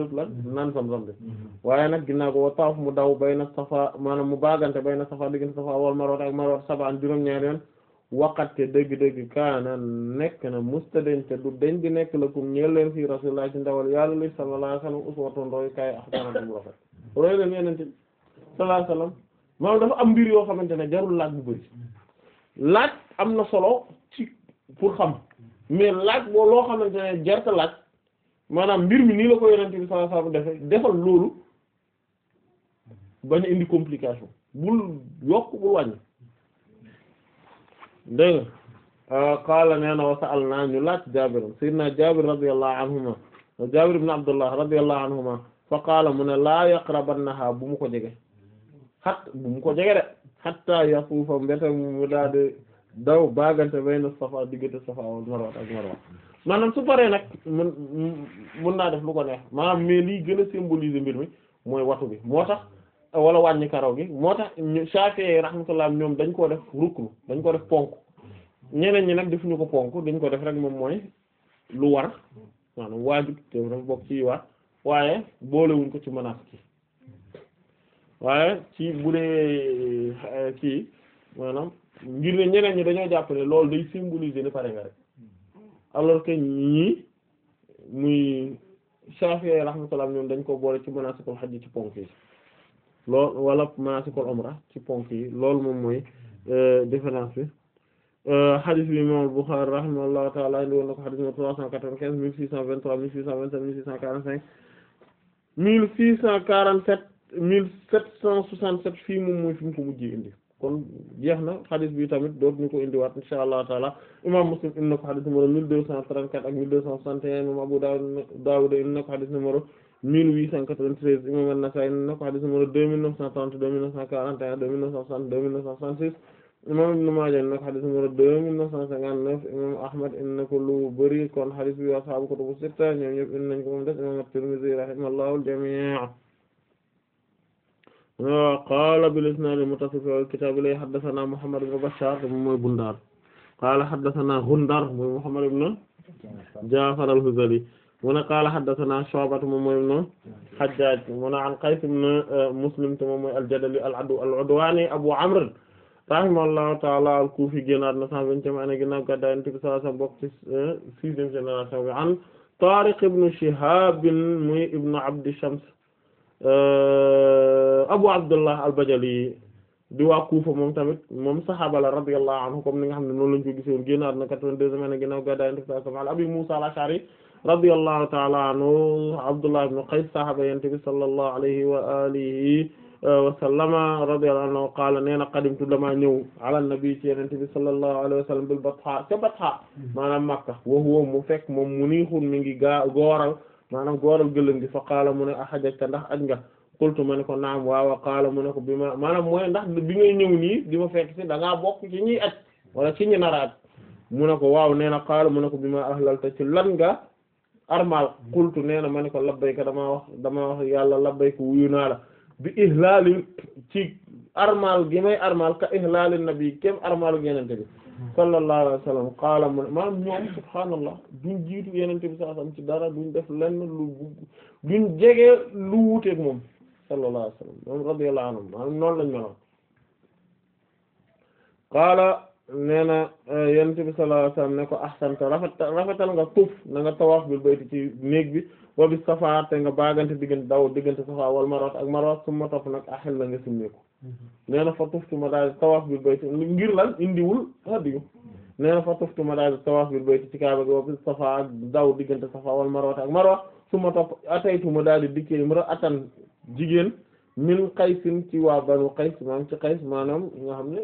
naan sam-sam de mm-hmm. waaye nag ginnaaw ko wa mu daw bayna safa maanaam mu bagante bayna safa diggante safa wal marwa ak marwa sab'an juróom ñaareen waqat te dëgg-dëgg kaana nekk na mustaden te du dañ nekk la kum ñeel leen fii rasulullah ci ndawal yàlla li sallallahu alayhi wasallam uswatun roy kaay ahsanatu bu rafet roy leen yeneen ci sallallahu alayhi wasallam maanaam dafa am mbir yoo xamante ne jarul laaj bu bëri laaj am na solo ci pour xam mais laaj boo loo xamante ne jarta laaj maanaam mbir mi nii la ko yeneen bi sallallahu alayhi defe defal loolu bañ a indi complication bul yokk bul wàññi dégg nga euh, qaala nee na wa sa'alnaa ñu laaj Jaabir sayyidinaa Jaabir radiyallahu anhuma Jaabir ibn Abdullah radiyallahu anhuma fa qaala mu ne laa yaqrabannahaa bu mu ko jege xat bu mu ko jege de hatta yatuufa mbete mu daa di daw baagante bayna Safaa diggante Safaa wal Marwa ak Marwa maanaam su paree nag mën mën naa def lu ko neex maanaam mais lii mbir mi mooy watu bi moo tax wala wàññi karaw gi moo tax Shafi'i rahmatullah ñoom dañ koo def ruknu dañ ko def ponk ñeneen ñi nag defuñu ko ponk dañ ko def rek moom mooy lu war maanaam waajib te dafa bokk ci war waaye wuñ ko ci menace ki waaye ci bu dee eh, kii maanaam ngir ñeneen ñi dañoo jàpp ne loolu day symboliser ni pare nga rek alors que ñii muy Shafi'i rahmatullah ñoom dañ ko boole ci menacekul xaj ci ponk yi loolu wala maasikul umra ci ponk yi loolu moom mooy euh, différence bi euh, hadith bi imam Bukhari rahimahullahu ta'ala indi woon na ko hadith numéro trois cent quatre-vingt-quinze mille six cent vingt-trois mille six cent vingt-sept mille cent quarante-cinq mille six cent quarante-sept mille sept cent soixante-sept fii moom mooy fi mu ko mujjee indi kon jeex na hadith bi tamit dootuñu ko indiwaat insha allah taala imam Muslim indi na ko hadith numéro mille deux cent trente-quatre ak mille deux cent na ko hadith 1893 imam An-Nasa'i na ko hadith numéro 2930 2941 2960 2966 imam Ibn Maaja na ko hadith numéro 2959 imam Ahmad inna ko lu bari kon hadith bi ashaabu kutubu sitta ñoom ñëpp indi nañ ko moom des imam At-Tirmidhi rahimahullahu al-jamii' qaala bil-isnaad al-muttasil fil kitaab li haddathanaa Muhammad ibn Bashaar moom mooy Bundaar qaala haddathanaa Gundar mooy Muhammad ibn Ja'far al-Hudhali mu ne qaala haddathana Shu'batu moom mooy ibnu Hajjaj mu ne an Qays ibn uh, Muslim te moom mooy al-Jadali al-Udwani Abu Amr rahimahullahu ta'ala al-Kufi génnaat na cent vingtième année ginnaaw gàddaay Yonent bi sallallahu alayhi wasallam bokk ci uh, sixième génération bi an Tariq ibn Shihab muy ibnu Abdi Shams uh, Abu Abdullah al-Bajali di waa Kufa moom tamit moom saxaaba la radiyallahu anhu comme ni nga xam ne noonu lañu ko gisoon génnaat na quatre-vingt-deuxième année ginnaaw gàddaay Yonent bi sallallahu alayhi wasallam Abi Musa al-Ash'ari radiyallahu ta'ala anhu Abdullah ibn Qays sahaba yonent bi sallallahu alayhi wa alihi uh, wa sallama radiyallahu anhu qaala nee na qadimtu damaa ñëw ala nabi ci yonent bi sallallahu alayhi wa sallam bil Batha ca Batha maanaam Makka wa huwa mu fekk moom munixun mi ngi gaa góoral maanaam góoral gëlëm gi fa qaala mu ne ahajjata ndax aj nga qultu ma ne ko naam waawa qaala mu ne ko bi ma maanaam mooy ndax bi ngay ñëw nii di ma fekk ci da ngaa bokk ci ñiy aj wala ci ñi nar a aj mu ne ko waaw nee na qaala mu ne ko bi ma ahlalta ci lan nga armal qultu nee na ma ni ko labbayka damaa wax dama wax yàlla labbayka wuyu naa la bi ihlaalin ci armal gi may armal ka ihlaalin nabi kem armal ak bi sallallahu alayhi wa sallam qaala mu ne maanaam ñoom subhaanallah duñ jiitu yenente bi sallallahu alayhi ci dara duñ def lenn lu duñ jege lu wuuteeg moom sallallahu alayhi wa sallam moom radiyallahu anhu maanaam noonu nee na eh, yonent bi sallallahu alayhi ko ahsanta rafetal rafetal nga tuuf na nga tawaaf bil bayti ci néeg bi wa bis safa te nga baagante diggante diggante safa wal marwa ak marwa su ma topp nag axel la nga simmeeku mhm. nee na fa tuftu ma daal tawaaf bil bayti ngir lan indiwul hadiyu na fa ma daal tawaaf bil bayti ci kaaba gi wa bis safa daw diggante safa wal marwa ak marwa su ma topp ataytu ma daal di dikkee imra'atan jigéen min qaysin ci waa banu qays maanaam ci qays maanaam nga xam ne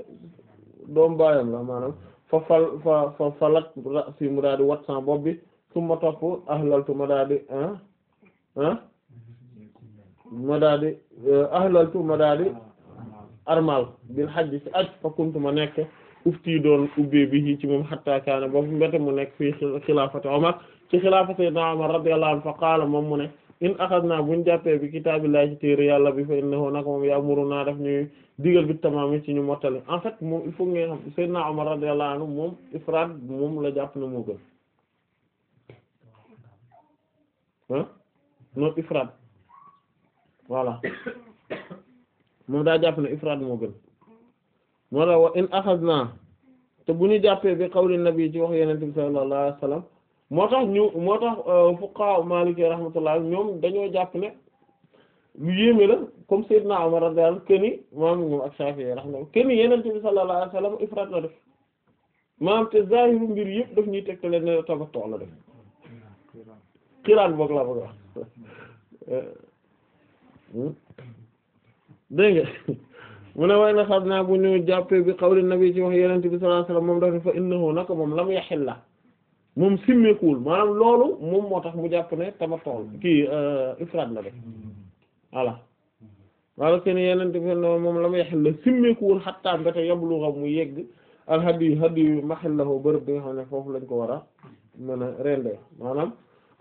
doom baayam la maanaam fa fal fa fa falat si mu daal di wat sama ma topp ahlaltu ma daal di ah, ah ma daal di eh, ahlaltu ma daal di armal bil hajj ci aj fa kuntu nekk ufti doon ubbee bi ci moom hatta kaana boobu mbete mu nekk fii xilaafati Umar ci xilaafati Seydina Umar radiyallahu anhu fa qaala moom mu ne in axadna buñ jàppee bi kitaabillahi ci téere yàlla bi fa innahu nak moom ya'muruna daf ñuy digal bi tamaam ci ñu mottali en fait moom il faut nga xam sayyidna Umar radiyallahu anhu moom ifraad moom la jàpp na moo moo gën moo tax wa in axadna te bu ñu jàppee bi qawli nabi ci wax yenente bi sallallahu alayhi wasallam moo tax ñu moo tax euh, fuqaha maliki rahmatullah ñoom dañoo jàpp ne lu yéeme la comme Seydina Umar radiyallahu anhu kenn maam ñoom ak Shafi'i rahmatullah kenn Yonent yëpp daf ñuy tegtale ne tamattu la def xiraan boog la bëgg wax na xam naa ñu jàppee bi qawli nabi ci wax Yonent bi sallallahu alayhi moom daf ne fa innahu naka moom lam yaxilla moom simmeekuwul maanaam loolu moom moo tax mu jàpp ne tamatol kii euh, ifrad la def voilà wala seen yeneen te fen moom la mu yaxel la simmeekuwul xattaa mbéte yabluga mu yegg alhadiyu hadiyu maxillahu bërëb bi nga xam ne foofu lañ ko war a mën a rende maanaam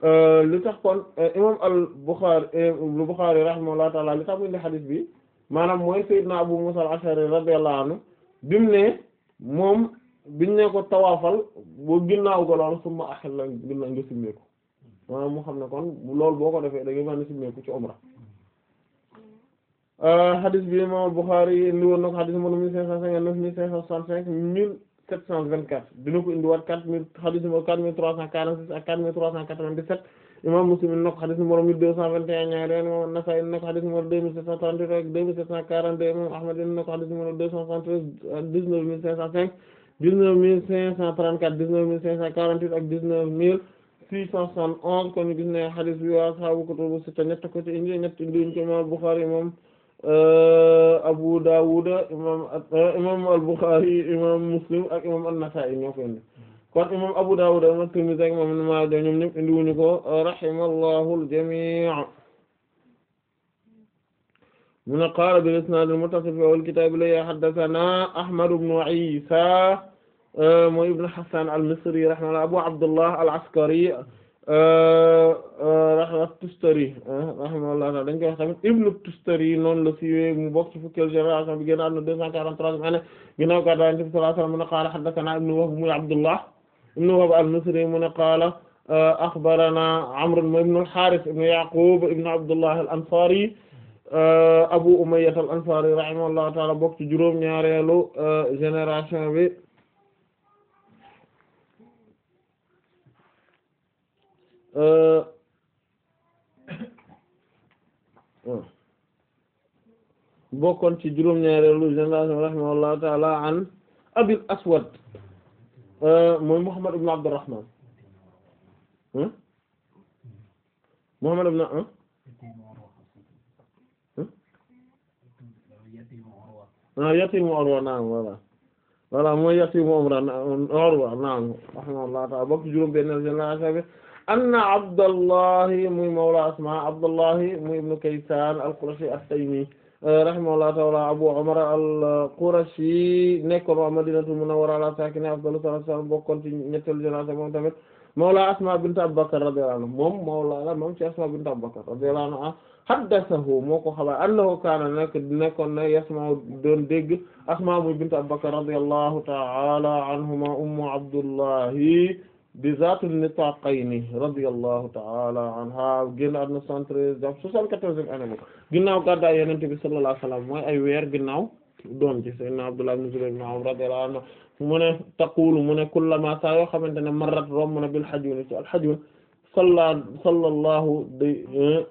euh, li tax kon euh, imam al Bukhari al Bukhari rahimahullahu taala li tax mu indi xadis bi maanaam mooy sayyidna Abu Musa al-Ash'ari radiyallahu ne moom biñ ne ko tawaafal boo ginnaaw ko loolu suma axel la ginnaaw nga simmeeku maanaam mu xam ne kon loolu boo ko defee da nga mën a simmeeku ci umra euh, hadis bi imam Bukhari indi woon hadis numéro mille cinq cent cinquante-neuf mille cinq vingt-quatre dina ko indiwaat quatre mille hadis numéro quatre mille trois cent quarante-six ak quatre mille trois cent quatre-vingt-dix-sept Muslim indi hadis numéro mille deux cent vingt un ñaari yoon imam hadis numéro deux mille dix-neuf mille cinq cent trente-quatre dix-neuf mille cinq cent quarante-huit ak dix-neuf six cent soixante-onze kon gis ne hadith bi waa ashaabu kutubu sitta ñett ko ci indi ñett indi ko imam Bukhari imam euh, Abu Dawud imam euh, imam al-Bukhari imam Muslim ak imam an-Nasa'i ñoo ko indi kon imam Abu Dawud imam Tirmidhi ak imam Ibn Maaja ñoom ñëpp indi ko rahimallahu al-jami' mun a qaala bil isnaad al muttasil fi awwal kitaab la haddathanaa Ahmad ibn Iisaa mooy ibn Hassaan al Misri rahimahullah Abu Abdullah al Askari at-Tustari rahimahullah taala dañ koy wax tamit ibn at-Tustari noonu la siiwee mu bokk ci fukkeel génération bi génn àdduna deux cent quarante-troisième année ginnaaw gàddaay Yonent bi sallallahu alayhi wa sallam mun a qaala haddathanaa ibn Wahb muy Abdullah ibn Wahb al Misri mun a qaala akhbaranaa Amr mooy ibn al-Haaris ibn Yaqub ibn Abdullah al-Ansaari Euh, Abu Umayya al-Ansari rahimahullahu ta'ala bokk ci juróom ñaareelu euh, génération bi euh, <coughs> oh. bokkoon ci juróom ñaareelu génération rahimahullahu ta'ala an Abil Aswad mooy Muhammad ibn Abdurrahman hmm? Muhammad ibn yatiim Urwa naam voilà voilà mooy yatiim Urwa naam rahimahullahu ta'ala bokk juróom-benn génération bi anna Abdallahi muy mawla Asmaa Abdallahi muy ibnu Kaysaan al-Qurashi at-Taymi rahimahullahu ta'ala Abu Umar al-Qurashi nekkoon waa Madinatul Munawwara ala saakinihaa afdalu salaatu wa salaam bokkoon ci ñetteelu génération moom tamit mawla Asmaa bint Abu Bakr radiyallahu anha moom mawla moom ci Asmaa bint Abu Bakr radiyallahu anha haddathahu moo ko xabaar annahu kaana nekk nekkoon na yasma doon dégg asma muy bint Abubakar radiyallahu ta'ala anhuma ummu Abdullahi bi zaatu nitaqayni radiyallahu ta'ala anha génn àdduna 113 jàpp 74 année moom ginnaaw gàddaa Yonent bi sallallahu alayhi wa sallam mooy ay weer ginnaaw doom ci sayyidina Abdullah ibn Zubayr ibn Awf radiyallahu anhu mu ne taqulu mu ne kullama saa yoo xamante ne marrat romb na bil hajun ci al hajun salla sallallahu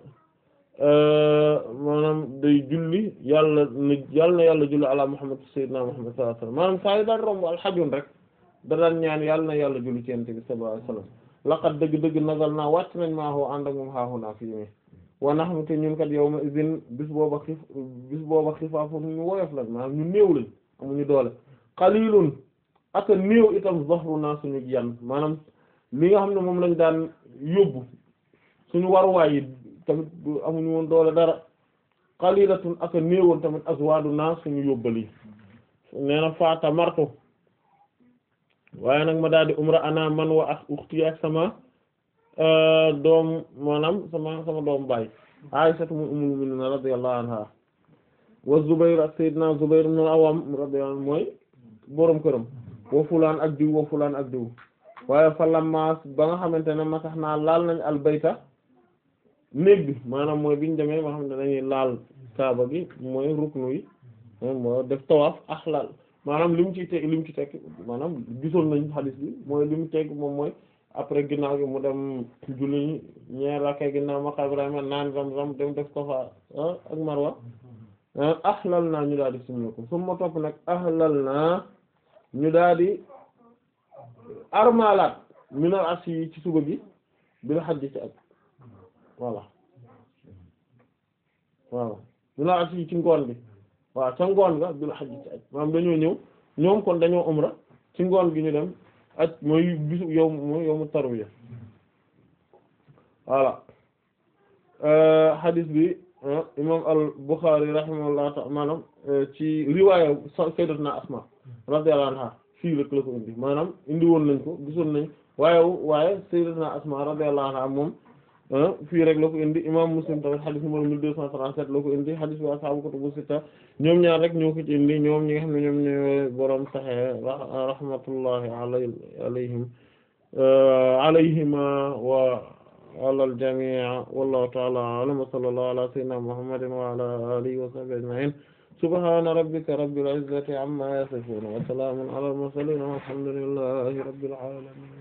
maanaam day julli yàlla na yàlla na yàlla julli ala Muhammad sayyidina Muhammad sallallahu alayhi wasallam maanaam saa yu daan romb alxajun rek da daan ñaan yàlla na yàlla julli ci yonent bi sallallahu alayhi wasallam laqad dëgg-dëgg nazal naa wàcc nañ maa xoo ànd ak moom xaaxu naa fii mi wanax mi te ñun kat yow ma izin bis booba xif bis booba xifaafun ñu woyof lañ maanaam ñu néew lañ amuñu doole qalilun ak néew itam zahru naa suñu yan maanaam li nga xam ne moom lañ daan yóbbu suñu waruwaay tamit amuñu woon doole dara qalilatun ak a néewoon tamit azwaduna suñu naa suñu nee na faata martu waaye nag ma daal umra ana man wa ak uxti ak sama euh, doom maanaam sama sama doom baay Aysatu mu ummul mu'minin radiyallahu anha wa Zubayr ak Zubayr ibn al-Awwam radiyallahu mooy borom këram wa fulaan ak diw wa fulaan ak diw waaye fa lamaas ba nga xamante ne ma naa laal nañ albayta néeg bi maanaam mooy biñ demee ma xam ne dañuy laal kaaba gi mooy ruknu yi moo def tawaaf axlaal maanaam li mu ci teg li ci tekk maanaam gisoon nañu xadis bi mooy li mu teg moom mooy après ginnaaw gi mu dem julli ñeer rakkay ginnaaw maqaam Ibrahima naan ram-ram dem def Safa ah, ak Marwa axlal ah, naa ñu daal di simliko su ma topp nag axlal naa ñu daal di armalaat minal as yi ci suba gi bil xaj ci ak voilà voilà bilaa at yi ci ngoon bi waaw ca ngoon nga bila xaj ci aj gi ñu dem aj mooy bisu yow mooy yow mu tarwiya voilà euh, bi ah, imam al Bukhari rahimahullah ta'ala maanaam euh, ci riwaaya sayyidatuna Asma radiyallahu anha fii la ko indi maanaam indi woon nañ ko gisoon nañ waaye waaye sayyidatuna Asma radiyallahu anha moom Ah, fii rek la ko indi imam Muslim tamit xadis numéro 1237 la ko indi xadis bi ashaabu kutubu sitta ñoom ñaar rek ñoo ko ci indi ñoom ñi nga xam ne ñoom ñooy borom Sahih rahmatullahi alayhim ah, alayhima wa alal jamii wallahu ta'ala a'lam wa sallallahu ala sayyidina Muhammadin wa ala alihi wa sahbihi ajma'in subhana rabbika rabbil izzati amma yasifun wa salamun ala al mursalin walhamdulillahi rabbil alamin